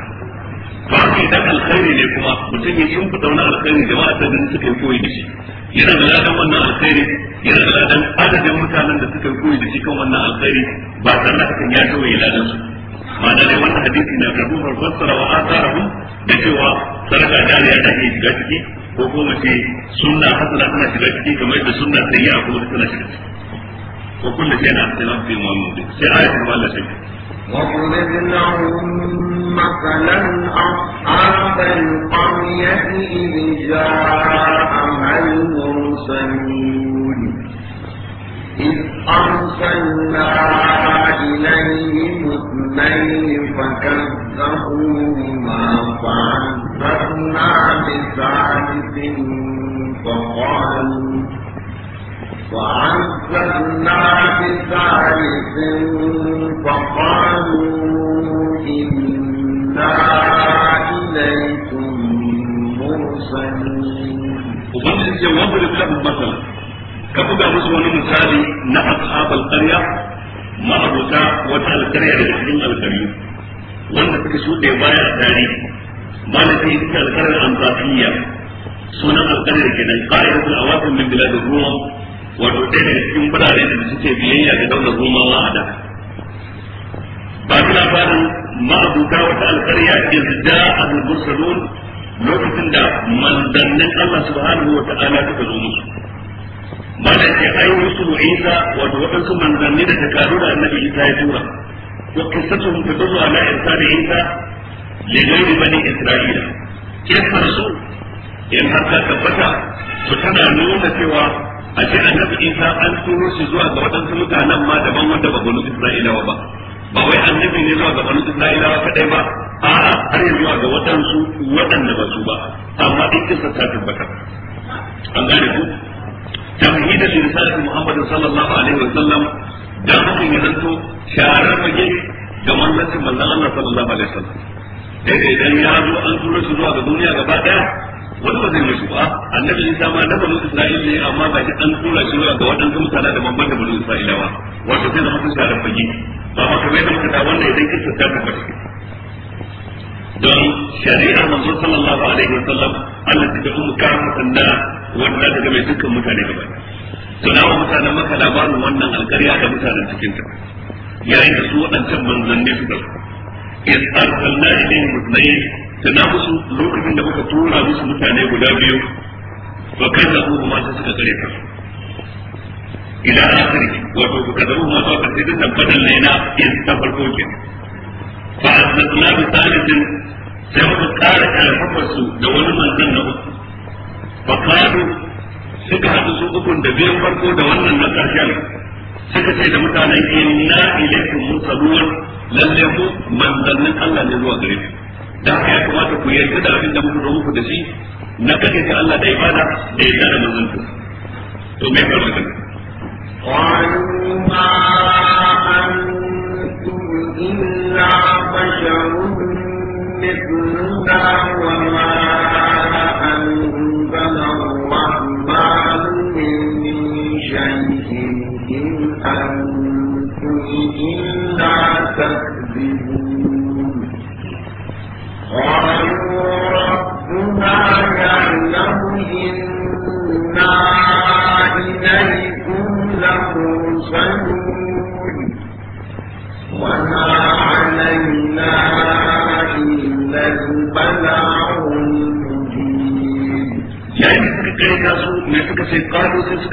Speaker 1: ba ku alkhairi ne kuma mutum ya shimfi da wani alkhairi jama'a ta ganin suka yi koyi da shi yana da ladan wannan alkhairi yana da ladan adadin mutanen da suka yi koyi da shi kan wannan alkhairi ba tare da hakan ya tawaye ladan su ma'ana dai wannan hadisi na karbu fassara wa asarahu da cewa sadaka jariya ta iya shiga ciki ko kuma ce sunna hasana tana shiga ciki kamar da sunna sayyi'a kuma tana shiga ciki wa kullu shay'in ahsanahu fi mu'min sai ayatul mallaka واضرب لهم
Speaker 2: مثلا أصحاب القرية إذ جاءها المرسلون إذ أرسلنا إليهم اثنين فكذبوهما فأنزلنا بثالث فقالوا وعززنا بثالث فقالوا إنا إليكم مرسلين
Speaker 1: وبنجد يوضرب لهم مثلا كبقى رسول مثالي نعم أصحاب القرية ma'abuta wata alkarya da cikin alkaryu wanda suka shuɗe baya a tarihi malaka yi suka alkaryar antafiya sunan alkaryar kenan ƙa'idar a awatin min biladun ruwan wato ɗaya daga cikin birane da suke biyayya ga daular rumawa a da ba su labarin ma'abuta wata alkarya a abul salon lokacin da manzannin Allah subhanahu wa ta'ala suka zo musu mana ce ai rusulu isa wato waɗansu manzanni da ta karu da annabi isa ya tura wa qissatuhum tadullu ala irsali isa li ghayri bani isra'ila ke farsu in haka tabbata to tana nuna cewa a ce annabi isa an turo shi zuwa ga waɗansu mutanen ma daban wanda ba banu isra'ilawa ba ba wai annabi ne zuwa ga banu isra'ilawa kadai ba a'a har yanzu zuwa ga waɗansu waɗanda ba su ba amma duk kisa ta tabbata an gane ku tamhida li risalatu muhammad sallallahu alaihi wa sallam da hakan ya zanto sharar mage ga manzancin manzon Allah sallallahu alaihi wa sallam daga idan ya zo an turo shi zuwa ga duniya gaba daya wani ba zai mutu ba annabi isa ma na banu isra'il ne amma ba ki an tura shi zuwa ga waɗansu mutane da ban da banu isra'ilawa wato sai zama sun sharar fage ba ma kamar yadda muka da wannan idan kirsa ta kafa don shari'ar manzo sallallahu alaihi wasallam Allah ta kuma kawo sanda wanda daga mai dukkan mutane gaba tuna wa mutanen maka labarin wannan alƙarya da mutanen ta. yayin da su waɗancan manzanni suka إذ أرسلنا إليهم اثنين tuna musu lokacin da muka tura musu mutane guda biyu ba kai da kuma masu suka tsare ta ila akhiri wato ku kada mu masu ka sai da badan ne na in ta farko ke fa na bi salisin sai muka kara kan su da wani manzon na uku fa kadu suka hadu su uku da biyan farko da wannan na karshen suka ce da mutanen inna ilaikum mursalun lalle ku manzannin Allah ne zuwa gare ku dan ya kamata ku yarda da abin da muka zo muku da shi na kake ta Allah da ibada da yarda da manzon to me faru
Speaker 2: da qalu antum illa basharun mithluna wa ma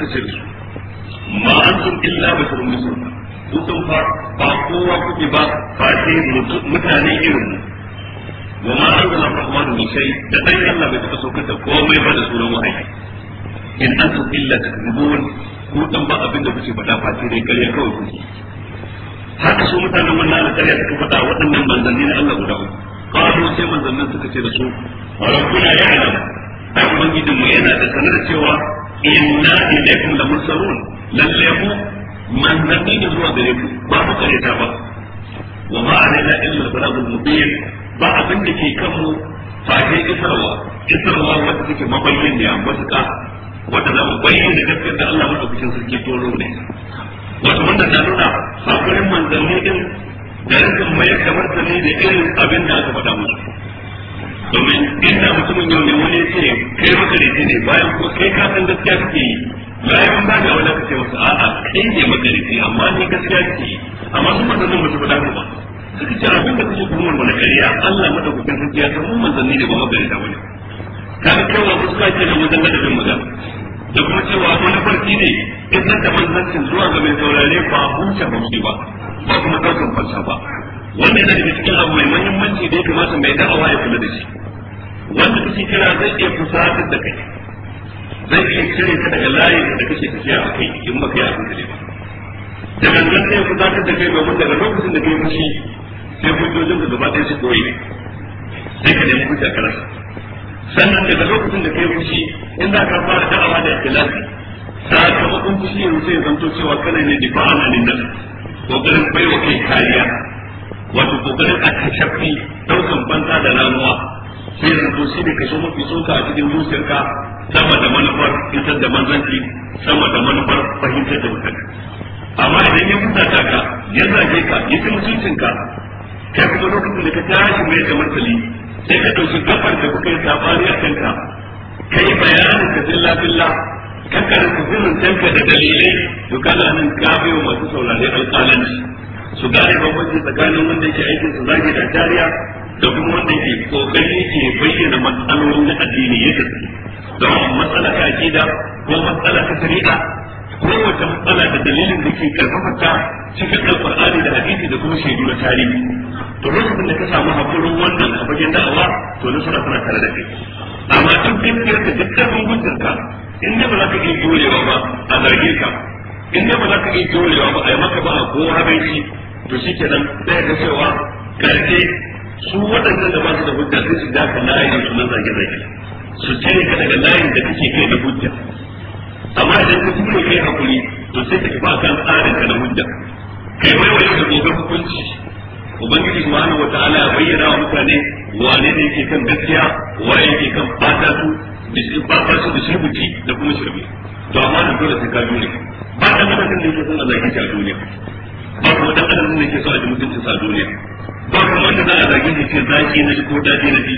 Speaker 1: kace da su ma antum illa basharun misluna dukkan fa ba kowa kuke ba ba sai mutane irin mu wa ma anzala rahman min shay da dai Allah bai taɓa saukar da komai ba da sunan wahayi in antum illa takzibun ku dan ba abin da kuke faɗa ba sai dai ƙarya kawai kuke haka su mutanen wannan alƙarya suka faɗa waɗannan manzanni na Allah guda uku qalu sai manzannin suka ce da su rabbuna ya'lamu ai ubangijinmu yana da sanar cewa inna ilaikum la mursalun lalle mu manzanni ne zuwa gare ku ba mu kare ta ba wa ma alaina illa al-balagul mubin ba abin da ke kanmu fa dai isarwa isarwa wanda take mabayyin ne amma suka wanda za mu bayyana gaskiyar da Allah madaukakin sarki toro ne Wata wanda na nuna sakurin manzanni din da rikin mai kamar ne da irin abin da aka faɗa musu domin in inda mutumin yau ne wani ce kai makarici ne bayan ko kai ka san gaskiya kake yi bayan ba ga wani ka ce masa a'a kai ne makarici amma ni gaskiya kake yi amma sun ba zan mutu ba ba suka ce abin da kake kuma wani kariya Allah madaukakin sarki gaskiya san mun manzanni ne ba makarita bane kaga kai wa suka ce da wajen ladabin maza da kuma cewa wani farki ne idan da manzancin zuwa ga mai saurare ba huce ba ba ba kuma ɗaukan falsafa wannan yana da cikin abu mai muhimmanci da ya kamata mai da'awa ya kula da shi wanda kake kira zai iya fusatar da kai zai iya cire ka daga layin da kake tafiya a kai in baka yi abin da ne da gangan sai fusatar da kai domin daga lokacin da kai fushi sai hujjojin da gaba ɗaya su koyi ne sai ka nemi hujja kana sannan daga lokacin da kai fushi in za ka fara da'awa da ikhlasi sakamakon fushi yanzu sai zanto cewa kana ne da difa'an anin nan kokarin baiwa kai kariya wato kokarin a kashafi daukan banza da ramuwa sai zanto shi ne kaso mafi tsoka a cikin zuciyarka sama da manufar fitar da manzanci sama da manufar fahimtar da mutane amma idan ya ta ka ya zage ka ya ci mutuncinka kai kuma lokacin da ka tashi mai da martali sai ka ɗauki kafar da kuka yi sabani a kanka kai bayanin ka billa billa kan karanta sirrin kanka da dalilai to kana nan ka biyo masu saurare alƙalanci su gane bambanci tsakanin wanda yake aikin su zage da dariya da duk wanda yake kokari ke bayyana matsalolin na addini ya tafi don matsala ta akida ko matsala ta shari'a wata matsala da dalilin da ke karfafa ta cikin alqur'ani da hadisi da kuma shaidu na tarihi to lokacin da ka samu hakurin wannan a da da'awa to nasara tana tare da kai amma duk gaskiyar ka duk karfin hujjarka in da ba za ka iya jurewa ba a zarge ka in da ba za ka iya jurewa ba a yi maka ba a ko shi. to shi kenan ya ga cewa Karfe. su waɗannan da ba su da hujja sun shiga ka layin su na zage-zage su cire ka daga layin da kake kai da hujja amma idan ka kuma kai hakuri to sai ka ba kan tsarin ka na hujja kai wai wai da gobe hukunci ubangiji subhanahu wataala ya bayyana wa mutane wane ne yake kan gaskiya waye yake kan bata su bata su da shirbuci da kuma shirbi to amma da dole sai ka jure ba da mutum da yake son Allah shi a duniya ba kuma dan adam ne ke so a ji mutuncin sa duniya ba kuma wanda za a zage shi ke zaki na ji ko daji na ji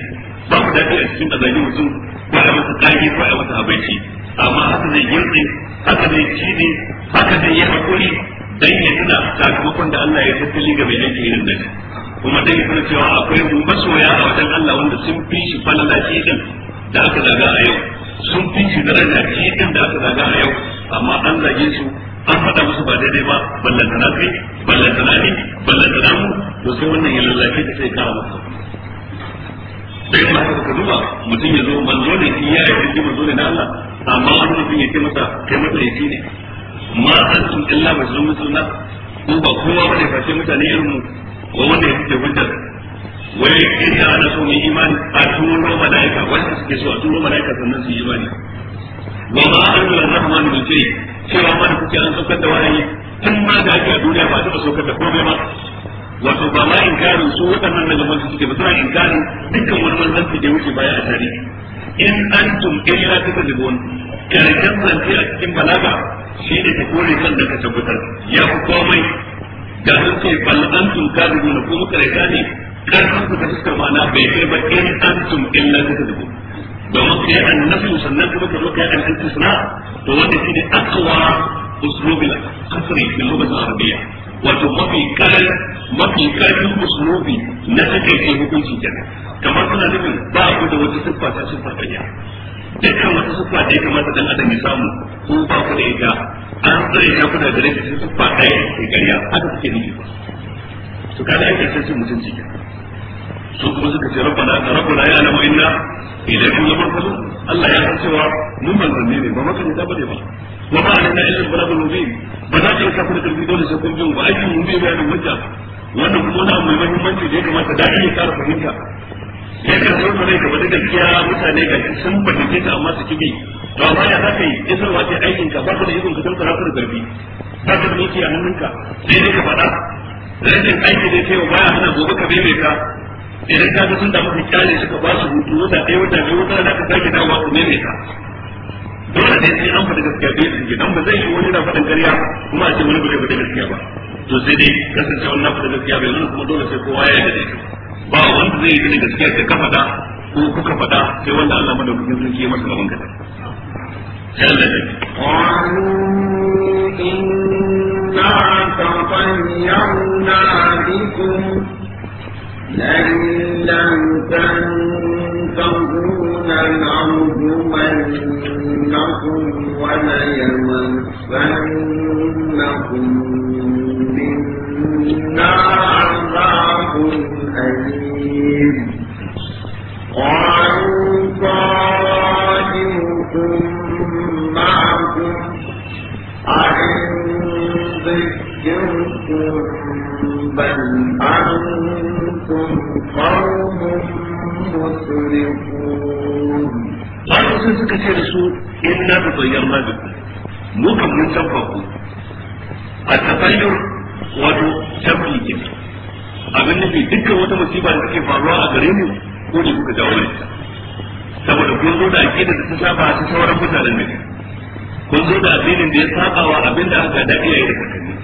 Speaker 1: ba ku daɗi a cikin azage mutum ba a masa ƙage ba a masa habaici amma haka zai yirtsi haka zai cide haka zai yi haƙuri dan ya tuna sakamakon da Allah ya tattali ga mai aiki irin nan kuma dan ya tuna cewa akwai masoya a wajen Allah wanda sun fi shi falala shi din da aka zaga a yau sun fi shi daraja shi din da aka zaga a yau amma an zage su an faɗa musu ba daidai ba ballan ballantana kai ballantana ne tana mu to sai wannan ya lallace ta sai kawo masa sai yamma haka ka duba mutum ya zo manzo ne shi ya yi shi manzo ne na Allah amma wani mutum ya ce masa kai ya ne ma antum illa musu na ko ba kowa ba ne face mutane irin mu ko wanda ya fice hujjar wai inda ana so mai imani a turo malaika wanda suke so a turo malaika sannan su yi imani wa ma'a anzala rahmanu min shay'in cewa ma da kuke an saukar da wani tun ma da ake a duniya ba taɓa saukar da komai ba wato ba ma inkarin su waɗannan na gaban su suke ba suna inkarin dukkan wani manzanci da ya wuce baya a tare in antum illa tukadibun karshen zance a cikin balaga shi ne ta kore kan da ka tabbatar ya fi komai da sun ce bal antum kadibun ko muka ne karfin ku ta fuskar ma'ana bai kai ba in antum ta tukadibun domin kai annabi sannan kuma ka zo kai al-istisna to wanda shine aqwa uslubil qasri fil lugha al-arabiyya wato mafi kalar mafi karfin uslubi na take hukunci kenan kamar suna nufin ba ku da wata siffa ta siffa ɗaya dukkan wata siffa da ya kamata dan adam ya samu ko ba ku da ita an tsare ya kuna da rikin siffa ɗaya ke gariya haka suke nufi ba su kada ake cin mutunci kenan su kuma suka ce rabbana rabbana ya alamu inna ilaikum lamursalun Allah ya san cewa mun manzanni ne ba maka ne da bade ba wa ma alaina illa al-balagul mubin ba za ka kafir kalbi dole sai kun jin ba aikin mun bai bayanin wajja wannan kuma wani mai muhimmanci da ya kamata da ake kara fahimta ya ka zo ne ka bada gaskiya mutane ga sun fahimce ta amma su kike to amma ya za ka yi isarwa wace aikin ka ba ka da izin ka tantara ka da garbi ba ka da miki a hannunka sai dai ka faɗa rashin aiki da kai baya hana gobe ka bebe ka idan ka ga sun da mafi kyale suka ba su hutu wata ɗaya wata biyu wata da ka sake dawowa ka dole ne sai an faɗi gaskiya bai su gidan ba zai yi wani na faɗin ƙarya kuma a ce wani bude bude gaskiya ba to sai dai kasance na faɗi gaskiya bai nuna kuma dole sai kowa ya yarda ba wanda zai yi gaskiya sai ka faɗa ko kuka faɗa sai wanda Allah madaukakin sarki ya masa gaban kaɗan. قالوا
Speaker 2: إنا تطيرنا بكم لئن لم تنتهوا لنرجمنكم وليمسنكم منا عذاب أليم قالوا طائركم معكم أئن ذكرتم بل أنتم Bayan sun
Speaker 1: suka ce da su in na bi bayyar na duk mu kan mun canfa ku. A tafayyar wato canfi ke. Abin nufi dukkan wata musiba da take faruwa a gare mu ko ne kuka jawo ne Saboda kun zo da ake da ta saba ta sauran mutanen ne. Kun zo da addinin da ya saba wa abin da aka daɗe ya yi da kakanni.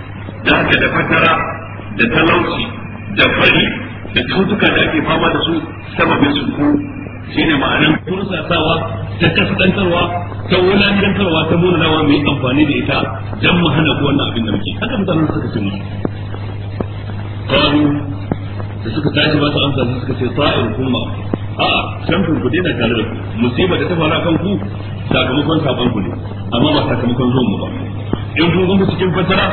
Speaker 1: Da haka da fatara da talauci da fari da cutuka da ake fama da su sababin su ko shine ma'anar kursasawa ta kaskantarwa ta wulakantarwa ta nawa mai amfani da ita dan mu hana ko wannan abin da muke haka mutanen suka ce mu da suka tashi ba su amsa su suka ce sa'ir kuma a'a shamfin ku daina tare da ku musiba da ta fara kan ku sakamakon sabon ku ne amma ba sakamakon zuwan mu ba in kun gama cikin fatara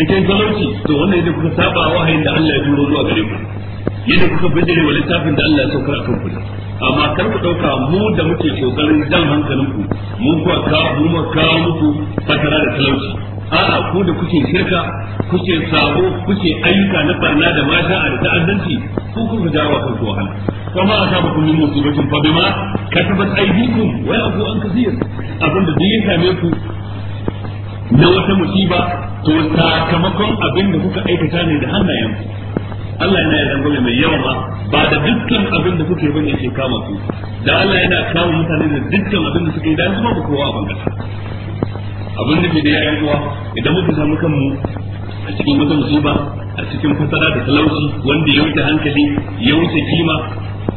Speaker 1: cikin talauci to wannan yadda kuka saba wahayin da Allah ya turo zuwa gare ku yadda kuka bijire wa littafin da Allah ya saukar kan ku amma kar ku dauka mu da muke kokarin jan hankalin ku mun kuwa kawo mu ma kawo muku fatara da talauci a'a ku da kuke shirka kuke sabo kuke ayyuka na barna da mata a da ta'addanci ku kuka jawo kanku wahala kama a saba kullum musibatin fa bima katabat aydikum wa yafu an kaseer abinda duk ya same ku na wata musiba to sakamakon abin da kuka aikata ne da hannayen Allah yana yarda gome mai yawa ba ba da dukkan abin da kuke bane ke kama ku da Allah yana kawo mutane da dukkan abin da suke yi da zuma ba kowa a bangasa abin da ke da yayin uwa idan muka samu kanmu a cikin wata musiba a cikin fasara da talauci wanda ya wuce hankali ya wuce kima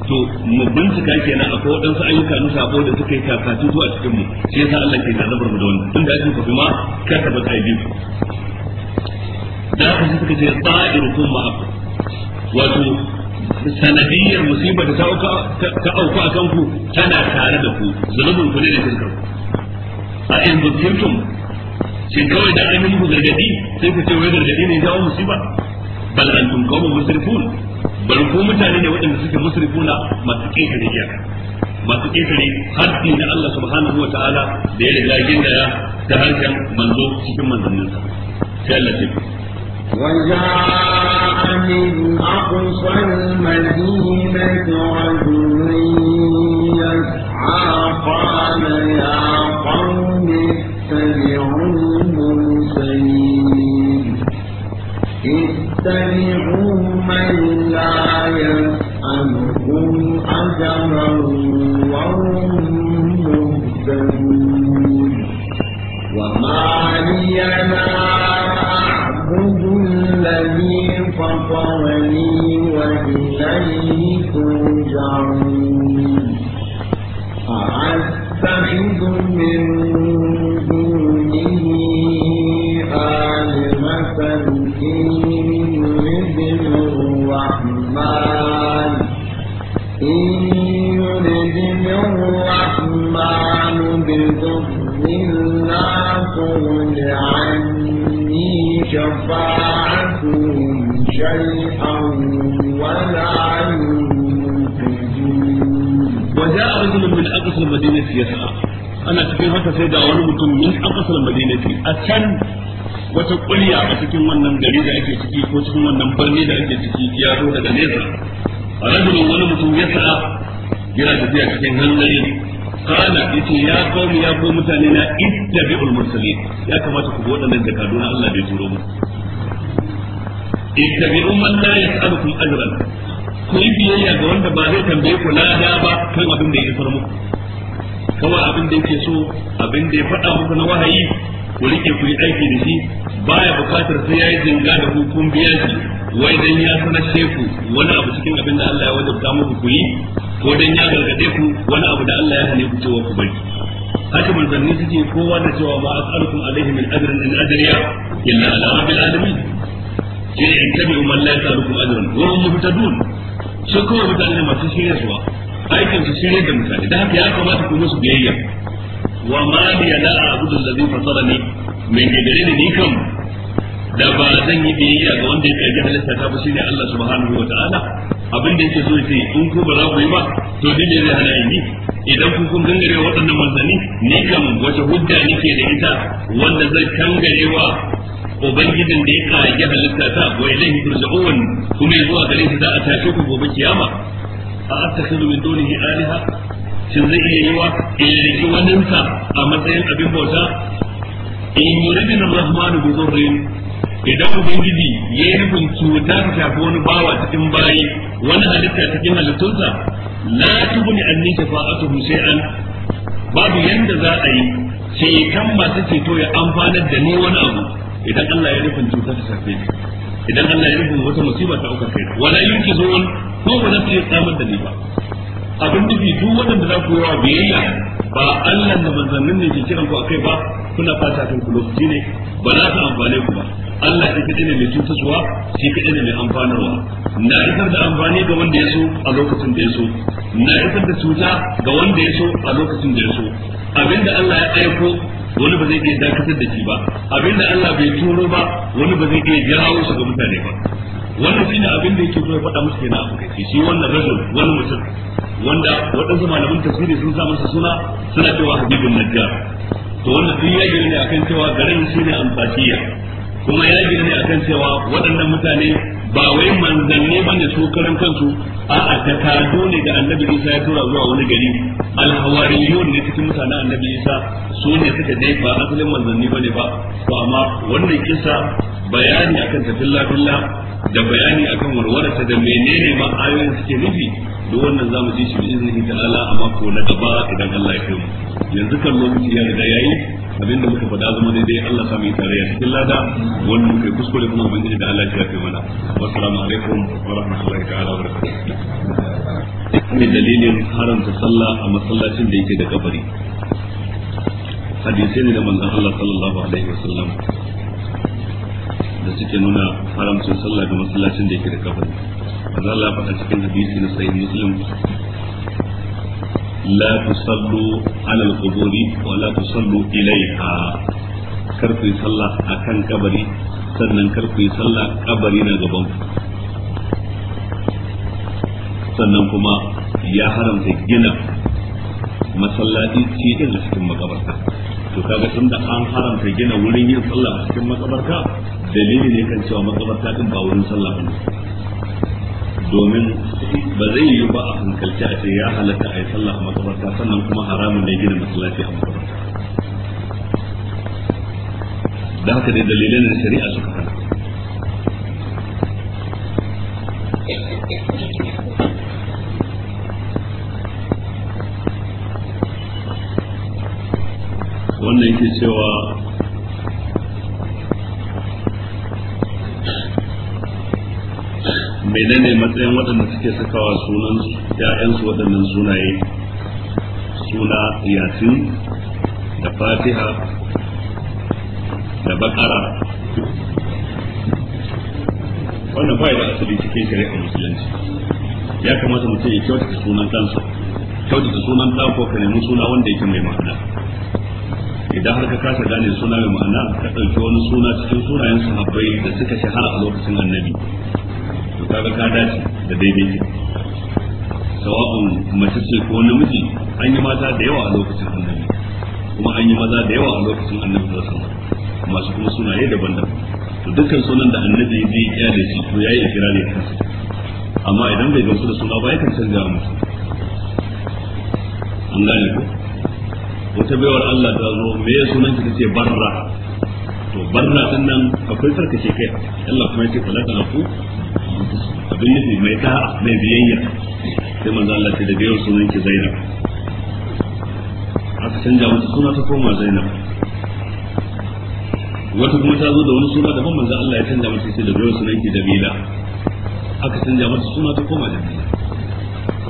Speaker 1: to mu bincika kenan akwai waɗansu ayyuka na sabo da suka yi kakatu zuwa cikin mu shi yasa Allah ke jazabar mu da wannan tun da ake ku ma kar ka bata yi da haka suka ce tsa'irukum ma'akum wato sanadiyyar musibar da ta auku a kanku tana tare da ku zunubin ku ne da shirkar a in zukirtum shin kawai da an yi muku gargadi sai ku ce wai gargadi ne jawo musiba bal antum qawmun musrifun bari ku mutane ne waɗanda suke musrifuna masu ƙetare iyaka masu ƙetare haddi na Allah subhanahu wa ta'ala da ya riga gindaya ta harshen manzo cikin manzanninsa sai Allah ce
Speaker 2: وجاء من أقصى المدينة رجل يسعى قال يا قوم اتبعوني تتبعوا من لا يسألكم أجرا وهم مهتدون وما لي لا أعبد الذي فطرني وإليه ترجعون أعتقد من يرد الرحمن بضر لا تغن عني شفاعتهم شيئا ولا
Speaker 1: وجاء رجل من أقصى المدينة يسعى أنا cikin haka sai ga wani mutum min aqsal madinati a can wata kulya a cikin wannan gari da ake ciki ko cikin wannan birni da ake ciki ya zo daga nesa rajulun wani mutum ya sa'a yana tafiya cikin hanzari kana yace ya kawo ya ko mutane na ittabi'ul mursalin ya kamata ku bi waɗannan jakadu na Allah bai turo mu ittabi'u man la yas'alukum ajran ku yi biyayya ga wanda ba zai tambayi ku lada ba kan abin da ya isar muku abin da yake so abin da ya faɗa muku na wahayi ku rike ku yi aiki da shi baya bukatar sai yayi zinga da hukun biya shi wai dan ya sanar ku wani abu cikin abin da Allah ya wajabta muku ku yi ko dan ya gargade ku wani abu da Allah ya hane ku cewa ku bari haka manzanni suke kowa da cewa ba as'alukum alaihi min ajrin in ajriya illa ala rabbil alamin sai in tabi umman la yasalukum ajran wa hum muhtadun su kawai mutane masu shirya zuwa aikin su shirya da mutane da haka ya kamata ku musu biyayya wa ma ya la a'budu alladhi fatarani min gidare ni da ba zan yi biyayya ga wanda ya kaji halitta ta shi ne Allah subhanahu wa ta'ala abin da yake so ce in ku ba za ku yi ba to din ne zai hana yi idan ku kun gangare waɗannan manzanni ni kam wace hujja nake da ita wanda zai kangarewa ubangijin da ya kaji halitta ta wa ilayhi turja'un kuma zuwa gare shi za a tashi ku gobe kiyama a kudu min ne, alaha shin zai iya yi wa in riki waninsa a matsayin abin bauta in yuridin rahmanu bi dhurrin idan ubangiji ya yi nufin cuta ta shafi wani bawa cikin bayi wani halitta cikin halittunsa la tubni anni shafa'atuhum shay'an babu yanda za a yi sai kan masu ceto ya amfanar da ni wani abu idan Allah ya nufin cuta ta shafe ni idan Allah ya nufin wata musiba ta auka kai wala yunki zuwan ko ba za su samar da ni ba abin nufi duk waɗanda za ku yi wa biyayya ba Allah da manzannin ne ke kiran ku akai ba kuna fata kan ku lokaci ne ba za ta amfane ku ba Allah shi kaɗai ne mai cutarwa shi kaɗai ne mai amfanarwa na isar da amfani ga wanda ya so a lokacin da ya so na isar da cuta ga wanda ya so a lokacin da ya so abinda Allah ya aiko wani ba zai iya dakatar da shi ba abinda Allah bai turo ba wani ba zai iya jawo shi ga mutane ba wannan shine abin da yake so ya faɗa musu kenan a kai shi wannan rajul wani mutum wanda waɗansu malaman tafsiri sun sa masa suna suna cewa habibun najjar to wannan duk ya gina ne akan cewa garin shine Ambasiya, kuma ya gina ne akan cewa waɗannan mutane ba wai manzanni bane su karan kansu a'a takadu ne da annabi Isa ya tura zuwa wani gari Alhawari alhawariyun ne cikin mutanen annabi Isa su ne suka dai ba asalin manzanni bane ba to amma wannan kisa bayani akan tafilla filla da bayani akan warwarata da menene ma ayoyin suke nufi duk wannan zamu ji shi bi iznihi ta'ala amma ko na gaba idan Allah ya kai mu yanzu kan lokaci ya riga yayi abinda muka faɗa zama daidai Allah sami mu yi tarayya cikin lada wanda muka yi kuskure kuma ubangiji da Allah ya kai mana wassalamu alaikum wa rahmatullahi ta'ala wa barakatuh ne dalilin haramta sallah a masallacin da yake da kabari hadisi ne da manzon Allah sallallahu alaihi wasallam da suke nuna haramcin sallah ga masallacin da yake da kabari manzon Allah faɗa cikin hadisi na sahih muslim لا تصلوا على القبور ولا تصلوا la كرفي صلى kar ku yi sallah صلى kabari sannan kar ku yi sallah na gaban ku sannan kuma ya haramta gina masallaci ce din a cikin makabarta to kaga tun da an haramta gina wurin yin sallah a cikin makabarta dalili ne kan cewa makabarta din ba wurin sallah bane domin ba zai yi ba a hankalci a ce ya halatta a yi sallah a makabarta sannan kuma haramun ne gina masallaci a makabarta da haka dai dalilan na shari'a suka hana wannan yake cewa menene matsayin waɗanda suke sakawa sunan ya'yansu waɗannan sunaye suna yasin da fatiha da bakara wannan bai da asali cikin shari'ar musulunci ya kamata mutum ya kyautata sunan kansa kyautata sunan ɗan ko ka nemi suna wanda yake mai ma'ana idan har ka kasa gane suna mai ma'ana ka ɗauki wani suna cikin sunayen sahabbai da suka shahara a lokacin annabi kaga ka dace da daidai sawa'un mace ce ko namiji an yi mata da yawa a lokacin annabi kuma an yi maza da yawa a lokacin annabi da wasu masu kuma sunaye daban-daban to dukkan sunan da annabi ya yi ya da shi to yayi ikirari kansa amma idan bai gamsu da suna ba yakan canza musu an gane ko wata baiwar Allah ta zo me ya sunan ta ce barra to barra din nan akwai ce kai Allah kuma ya ce falaka ku abin nufi mai da'a mai biyayya sai manzo Allah ce da biyar sunan ki Zainab aka canja mata suna ta koma Zainab wata kuma ta zo da wani suna daban manzo Allah ya canja mata sai da biyar sunan ki Jamila aka canja mata suna ta koma Jamila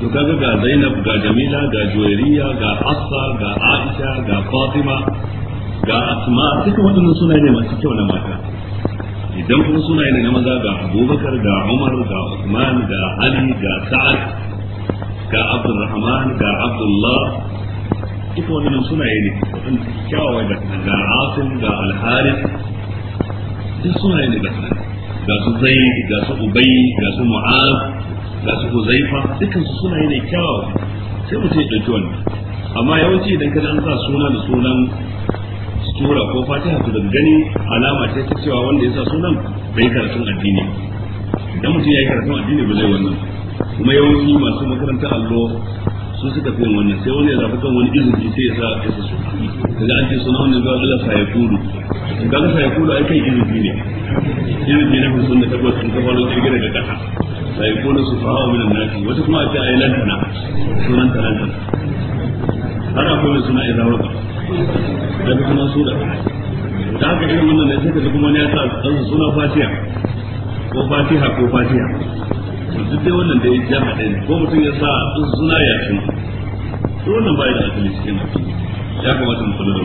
Speaker 1: to kaga ga Zainab ga Jamila ga Juwairiya ga Hafsa ga Aisha ga Fatima ga Asma duka waɗannan sunaye ne masu kyau na mata idan kuma suna yin maza ga abubakar ga umar ga usman ga ali ga sa'ad ga abdurrahman ga abdullah duk wannan sunaye ne wadanda suke kyawawa ga ga asim ga alharis duk sunaye ne ga ga su zai ga su Ubai, ga su mu'az ga su huzaifa dukkan su sunaye ne kyawawa sai mu ya ɗauki wannan amma yawanci idan ka an sa suna da sunan sura ko fatiha to daga gani alama ce ta cewa wanda ya sa sunan bai karatun addini idan mutum ya yi karatun addini ba zai wannan kuma yawanci masu makarantar allo su suka fi wannan sai wani ya zafi kan wani izini sai ya sa ya sa su kaga an ce suna wannan zuwa Allah sa ya kudu kaga sa ya kudu ai kai izini ne izini ne kun sunna tabbas sun kafa lokacin gida daga kasa sa ya kudu su fara wani annati wata kuma a ce yi lantana sunan talanta har akwai suna idan wata dan suna da haka irin wannan ne sai kuma ya sa dan suna fatiha ko fatiha ko fatiha duk dai wannan da ya ne ko mutum ya sa dan suna ya wannan da asali cikin ya kamata mu kula da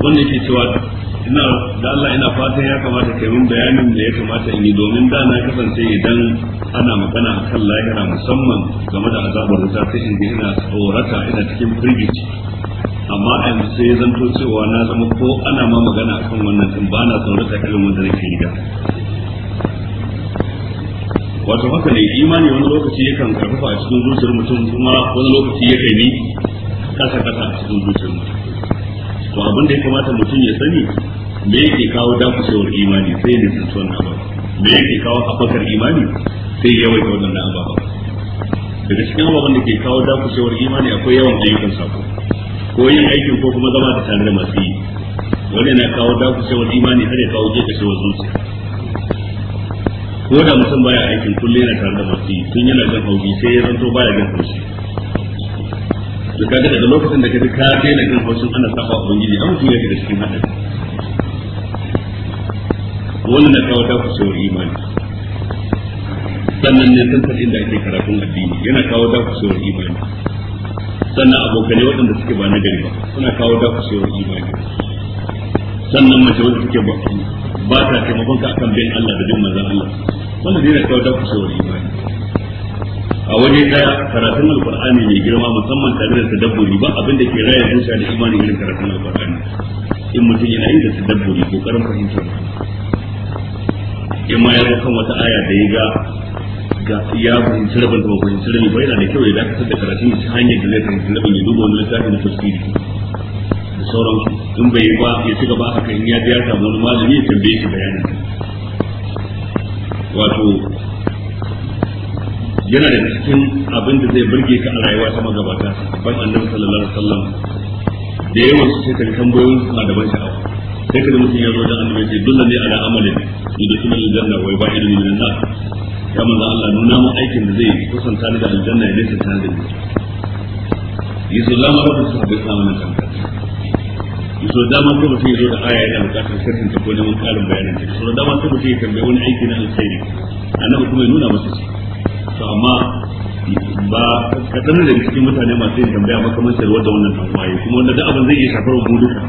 Speaker 1: mu wannan ke cewa ina da Allah ina fatan ya kamata kai min bayanin da ya kamata in yi domin da na kasance idan ana magana akan lahira musamman game da azabar da ta in ina tsorata ina cikin firgici amma a yanzu sai zanto cewa na zama ko ana ma magana akan wannan tun ba na tsorata irin wanda nake yi da wato haka ne imani wani lokaci yakan karfafa a cikin zuciyar mutum kuma wani lokaci kai ni kasa kasa a cikin zuciyar mutum to abin da ya kamata mutum ya sani me yake kawo dakushewar imani sai ne sun tuwan me yake kawo haɓakar imani sai wannan waɗannan ba daga cikin ababen da ke kawo dakushewar imani akwai yawan ayyukan sako ko yin aikin ko kuma zama da tare da masu yi wani na kawo dakushewar imani har ya kawo jekashewar zuciya ko da mutum baya aikin kullum yana tare da masu yi tun yana jan hauki sai ya zanto baya jan hauki da kaga daga lokacin da kaji ka daina jin haushin ana saba ubangiji an mutum ya da cikin haɗari. wannan na kawo dakushewar imani sannan ne tantar inda ake karatun addini yana kawo dakushewar imani sannan abokanai waɗanda suke ba na gari ba suna kawo dakushewar imani sannan mace wanda suke ba ba ta taimakon ka akan bin Allah da bin manzon Allah wannan yana kawo dakushewar imani a waje daya karatun alkur'ani mai girma musamman tare da tadabburi ba abin da ke raya zuciya da imani irin karatun alkur'ani in mutum yana yin da tadabburi kokarin fahimtar in ma ya kan wata aya da ya ga ga ya fahimci rabin ba fahimci rabi ba yana da kyau ya dakatar da karatun shi hanyar da zai fahimci rabin ya duba wani littafi na tafsiri da sauran in bai yi ba ya ci gaba haka in ya ji ya samu wani malami ya tambaye shi bayanin wato yana da cikin abin da zai burge ka a rayuwa ta magabata ban annabi sallallahu alaihi wasallam da yawan su sai ka tambayoyin suna da ban sha'awa sai kaga mutum ya zo da annabi ce dole ne ala amalin da kuma aljanna wai ba ilmi min nas ya manzo Allah nuna mu aikin da zai kusanta ni da aljanna ya nesa ta da ni yaso da ma rabu sahabbai samu nan kan yaso da ma kuma sai zo da aya ya bukatar sharhin ta ko neman karin bayanin ta yaso da ma kuma sai tambaye wani aiki na alkhairi annabi kuma ya nuna masa shi to amma ba kadan da cikin mutane masu yin tambaya makamantar wadda wannan tambaye kuma wanda da abin zai iya shafar mu duka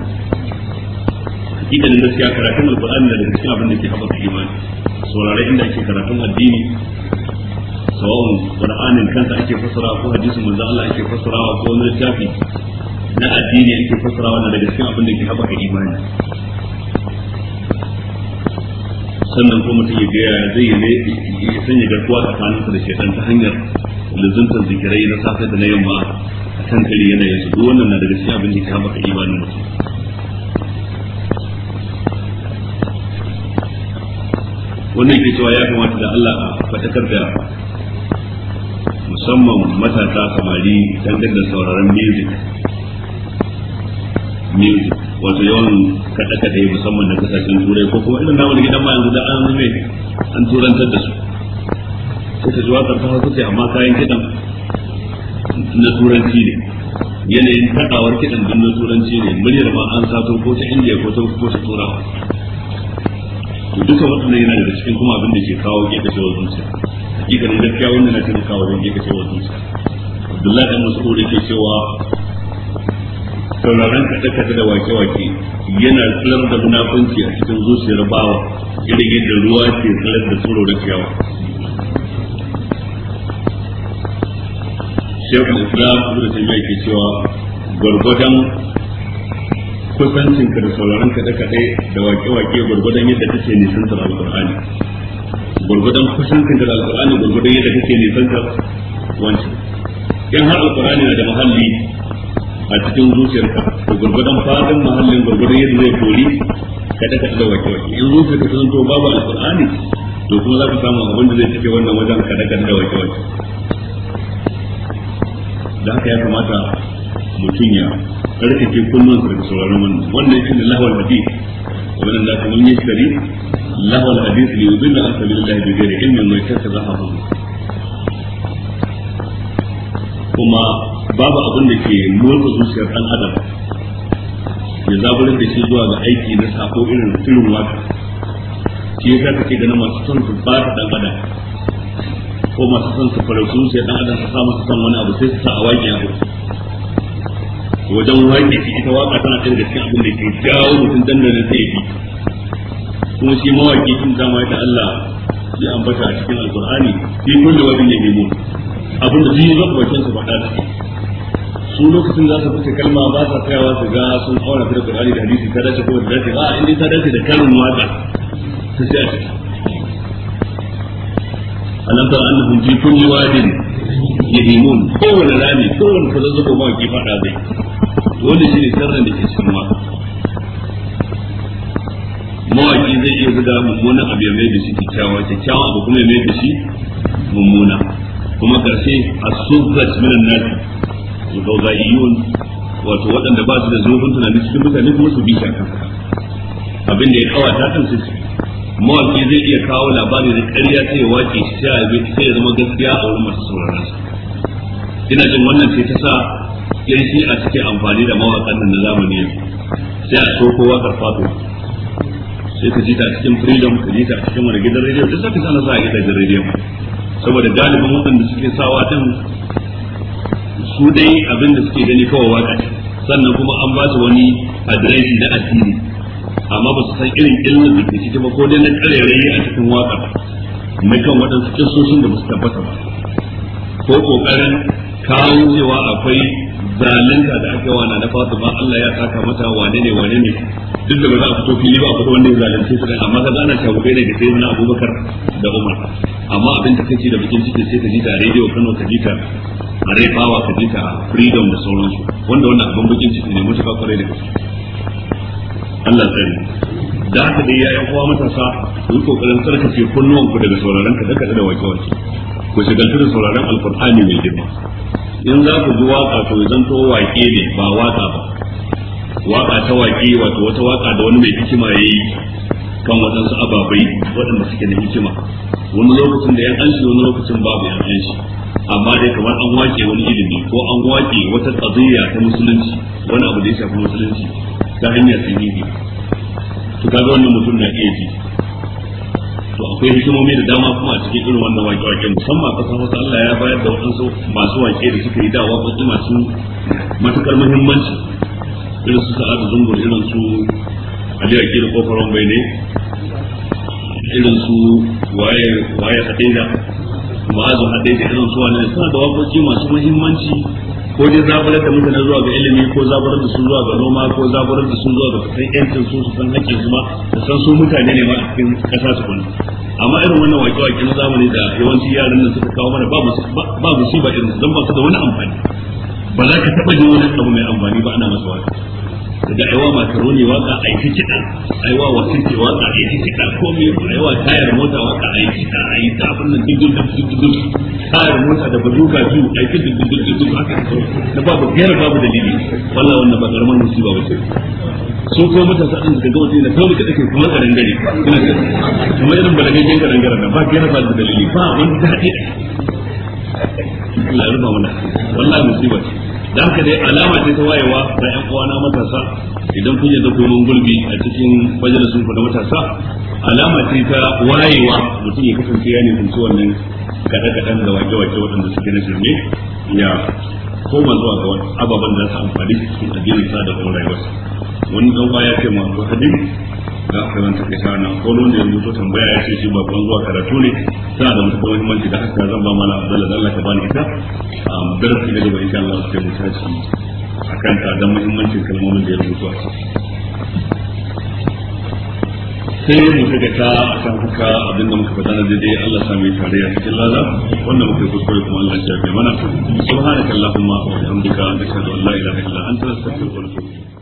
Speaker 1: hakikanin gaskiya karatun alqur'ani da cikin abin da ke haɓaka imani saurare inda ake karatun addini sawa'un qur'anin kansa ake fassara ko hadisin manzo Allah ake fassarawa ko wani littafi na addini ake fassarawa na daga cikin abin da ke haɓaka imani sannan ko mutum ya gaya zai yi ne ya sanya garkuwa tsakaninsa da shaitan ta hanyar luzuntar zikirai na safe da na yamma a kan kari yana yanzu duk wannan na daga cikin abin da ke haɓaka imani. mutum wannan ke cewa ya kamata da Allah a fatakar da musamman matasa samari dangane da sauraron music music wato yawan kaɗe-kaɗe musamman na kasashen turai ko kuma irin namun gidan ma yanzu da an zume an turantar da su sai ta ji waƙar ta hausa ce amma kayan kiɗan na turanci ne yanayin kaɗawar kiɗan don na turanci ne muryar ma an sato ko ta indiya ko ta ko ta turawa duka wannan yana da cikin kuma abin da ke kawo gekacewar zuciya ne gaskiya wannan na taimakawa wajen gekacewar zuciya abdullahi masu mas'ud yake cewa sauraron kaɗe-kaɗe da wake-wake yana tsirar da munafunci a cikin zuciyar bawa irin yadda ruwa ke tsirar da tsoro da kyawa shekul islam abu da tafiya ke cewa gwargwadon kusancin ka da sauraron da kadai da waƙe-waƙe gurgudan yadda kake ta alƙur'ani gurgudan kusancin ka da alƙur'ani gurgudan yadda kake ta wancan in har alƙur'ani na da mahalli a cikin ka to gurgudan fadin mahallin gurgudan yadda zai kori da kadai da waƙe-waƙe in ka ta to babu alƙur'ani to kuma za ka samu abin da zai cike wannan wajen da kadai da waƙe-waƙe da haka ya kamata mutum ya ke kullum su daga sauraron wani wannan yake da lahawar hadith wannan da kuma yin shari lahawal hadith ne yubin da asali da bi gari ilmin mai za a hafu kuma babu abin da ke motsa zuciyar dan adam ya zaburin da shi zuwa ga aiki na sako irin tsirin waka shi yasa ke ganin masu son su ba ta dan adam ko masu son su fara zuciyar dan adam su samu su son wani abu sai su sa a wajen wajen wanda shi ita waka tana ɗaya da cikin abin da ke jawo mutum da zai yi kuma shi mawaki tun zama ya Allah ya ambata a cikin alkur'ani da wajen ne ne mu abin da shi ya zaba bakin su faɗa su lokacin za su fita kalma ba sa tsayawa su ga sun aura da Qur'ani da hadisi ta dace ko da dace a inda ta dace da kalmar waka ta sai a ciki alam tara annahum fi kulli wadin yahimun kowane rami kowane fazazzuko ma ki fada zai sirrin da ke cikin mawaki zai iya zuga mummunan abu ya mai da shi kyakkyawa kyakkyawa ya mai da kuma karshe wato waɗanda ba su da zurfin cikin mutane kuma su bi shakan abin ya kawata kan su mawaki zai iya kawo labari da ƙarya sai ya wace shi sai ya sai zama gaskiya a wurin masu sauraron sa ina jin wannan ce ta sa yan shi a cikin amfani da mawaƙan nan na zamani sai a so waƙar karfato sai ka ji ta cikin freedom ka ji ta cikin wani gidan rediyo duk sai ka sana sa a gidan rediyo saboda galibin waɗanda suke sawa din su dai abin da suke gani kawai waƙa sannan kuma an ba su wani adireshi na addini amma ba su san irin ilmin da ke ciki ba ko dai na yi a cikin waka na kan waɗansu kisoshin da ba su tabbata ba ko ƙoƙarin kawo cewa akwai zalunta da ake wana na fatu ba Allah ya saka mata wane ne wane ne duk da ba za a fito fili ba a fito ya zalunce su amma ka ana shagubai ne da sai na Abubakar da Umar amma abin da kake da bikin cikin sai ka ji ta rediyo Kano ka ji ta a ka ji ta Freedom da sauransu wanda wannan abin bikin ciki ne mutuka kwarai da gaske Allah tsare da haka dai yi kowa matasa ku yi kokarin tsarkace kunnuwan ku daga sauraron ka daga da wake wake ku shigaltu da sauraron alqur'ani mai girma in za ku ji waka to to wake ne ba waka ba waka ta wake wato wata waka da wani mai hikima ya yi kan waɗansu ababai waɗanda suke da hikima wani lokacin da yan an shi wani lokacin babu yan an shi amma dai kamar an wake wani ilimi ko an wake wata qadiyya ta musulunci wani abu da ya shafi musulunci ta hanyar sahihi to kaga wannan mutum na iya ji to akwai hikimomi da dama kuma a cikin irin wannan wake-wake musamman kasar wasu Allah ya bayar da waɗansu masu wake da suka yi dawa ko kuma su matukar muhimmanci irin su sa'adu zungur irin su Ali Akira kofaron bai ne irin su waye waye hadida ma'azu hadida irin su wani suna da waƙoƙi masu muhimmanci ko dai zaburar da mutane zuwa ga ilimi ko zaburar da sun zuwa ga noma ko zaburar da sun zuwa ga san yancin su su san hakkin su ma da san su mutane ne ma a cikin kasa su kuma amma irin wannan waƙe waƙe na zamani da yawanci yaran nan suka kawo mana ba ba irin su don ba su da wani amfani ba za ka taɓa jin wani abu mai amfani ba ana masu wata da aiwa makaroni waka a yi ta kiɗa aiwa wasirki waka a yi kiɗa ko me aiwa tayar mota waka a yi kiɗa a yi ta abin nan dindin da dindin tayar mota da bazuka biyu a yi ta dindin dindin haka da babu gaira babu dalili wallah wannan ba karamar musu ba ce so ko mutan sa ɗin din daga wajen da kawai ka take kuma karan gari ina ce kuma irin balagajen karan garan nan ba gaira ba da dalili ba wani daɗi Allah ya ruba wannan wallahi musiba ce da haka dai alama ce ta wayewa da yan uwana matasa idan kun yadda koyon gulbi a cikin majalisun ku da matasa alama ce ta wayewa mutum ya kasance ya ne tuntu wannan kaɗe-kaɗen da wake-wake waɗanda suke na shirme ya koma zuwa ga ababen da su amfani cikin addinin sa da kuma rayuwarsa wani ɗan ya ce ma hadin da aka zan take ta nan ko ne mutu to tambaya ya ce shi babban zuwa karatu ne tana da mutukar muhimmanci da haka zan ba mana Abdullah da Allah ka bani ita darasi da daga insha Allah sai mu tashi akan ta da muhimmancin kalmomin da ya rubuta a sai mu daga ta akan haka abin da muka faɗa na daidai Allah sami tarayya cikin lada wannan muka kuskure kuma Allah ya shafe mana subhanakallahumma wa bihamdika ashhadu
Speaker 3: an la ilaha illa anta astaghfiruka wa atubu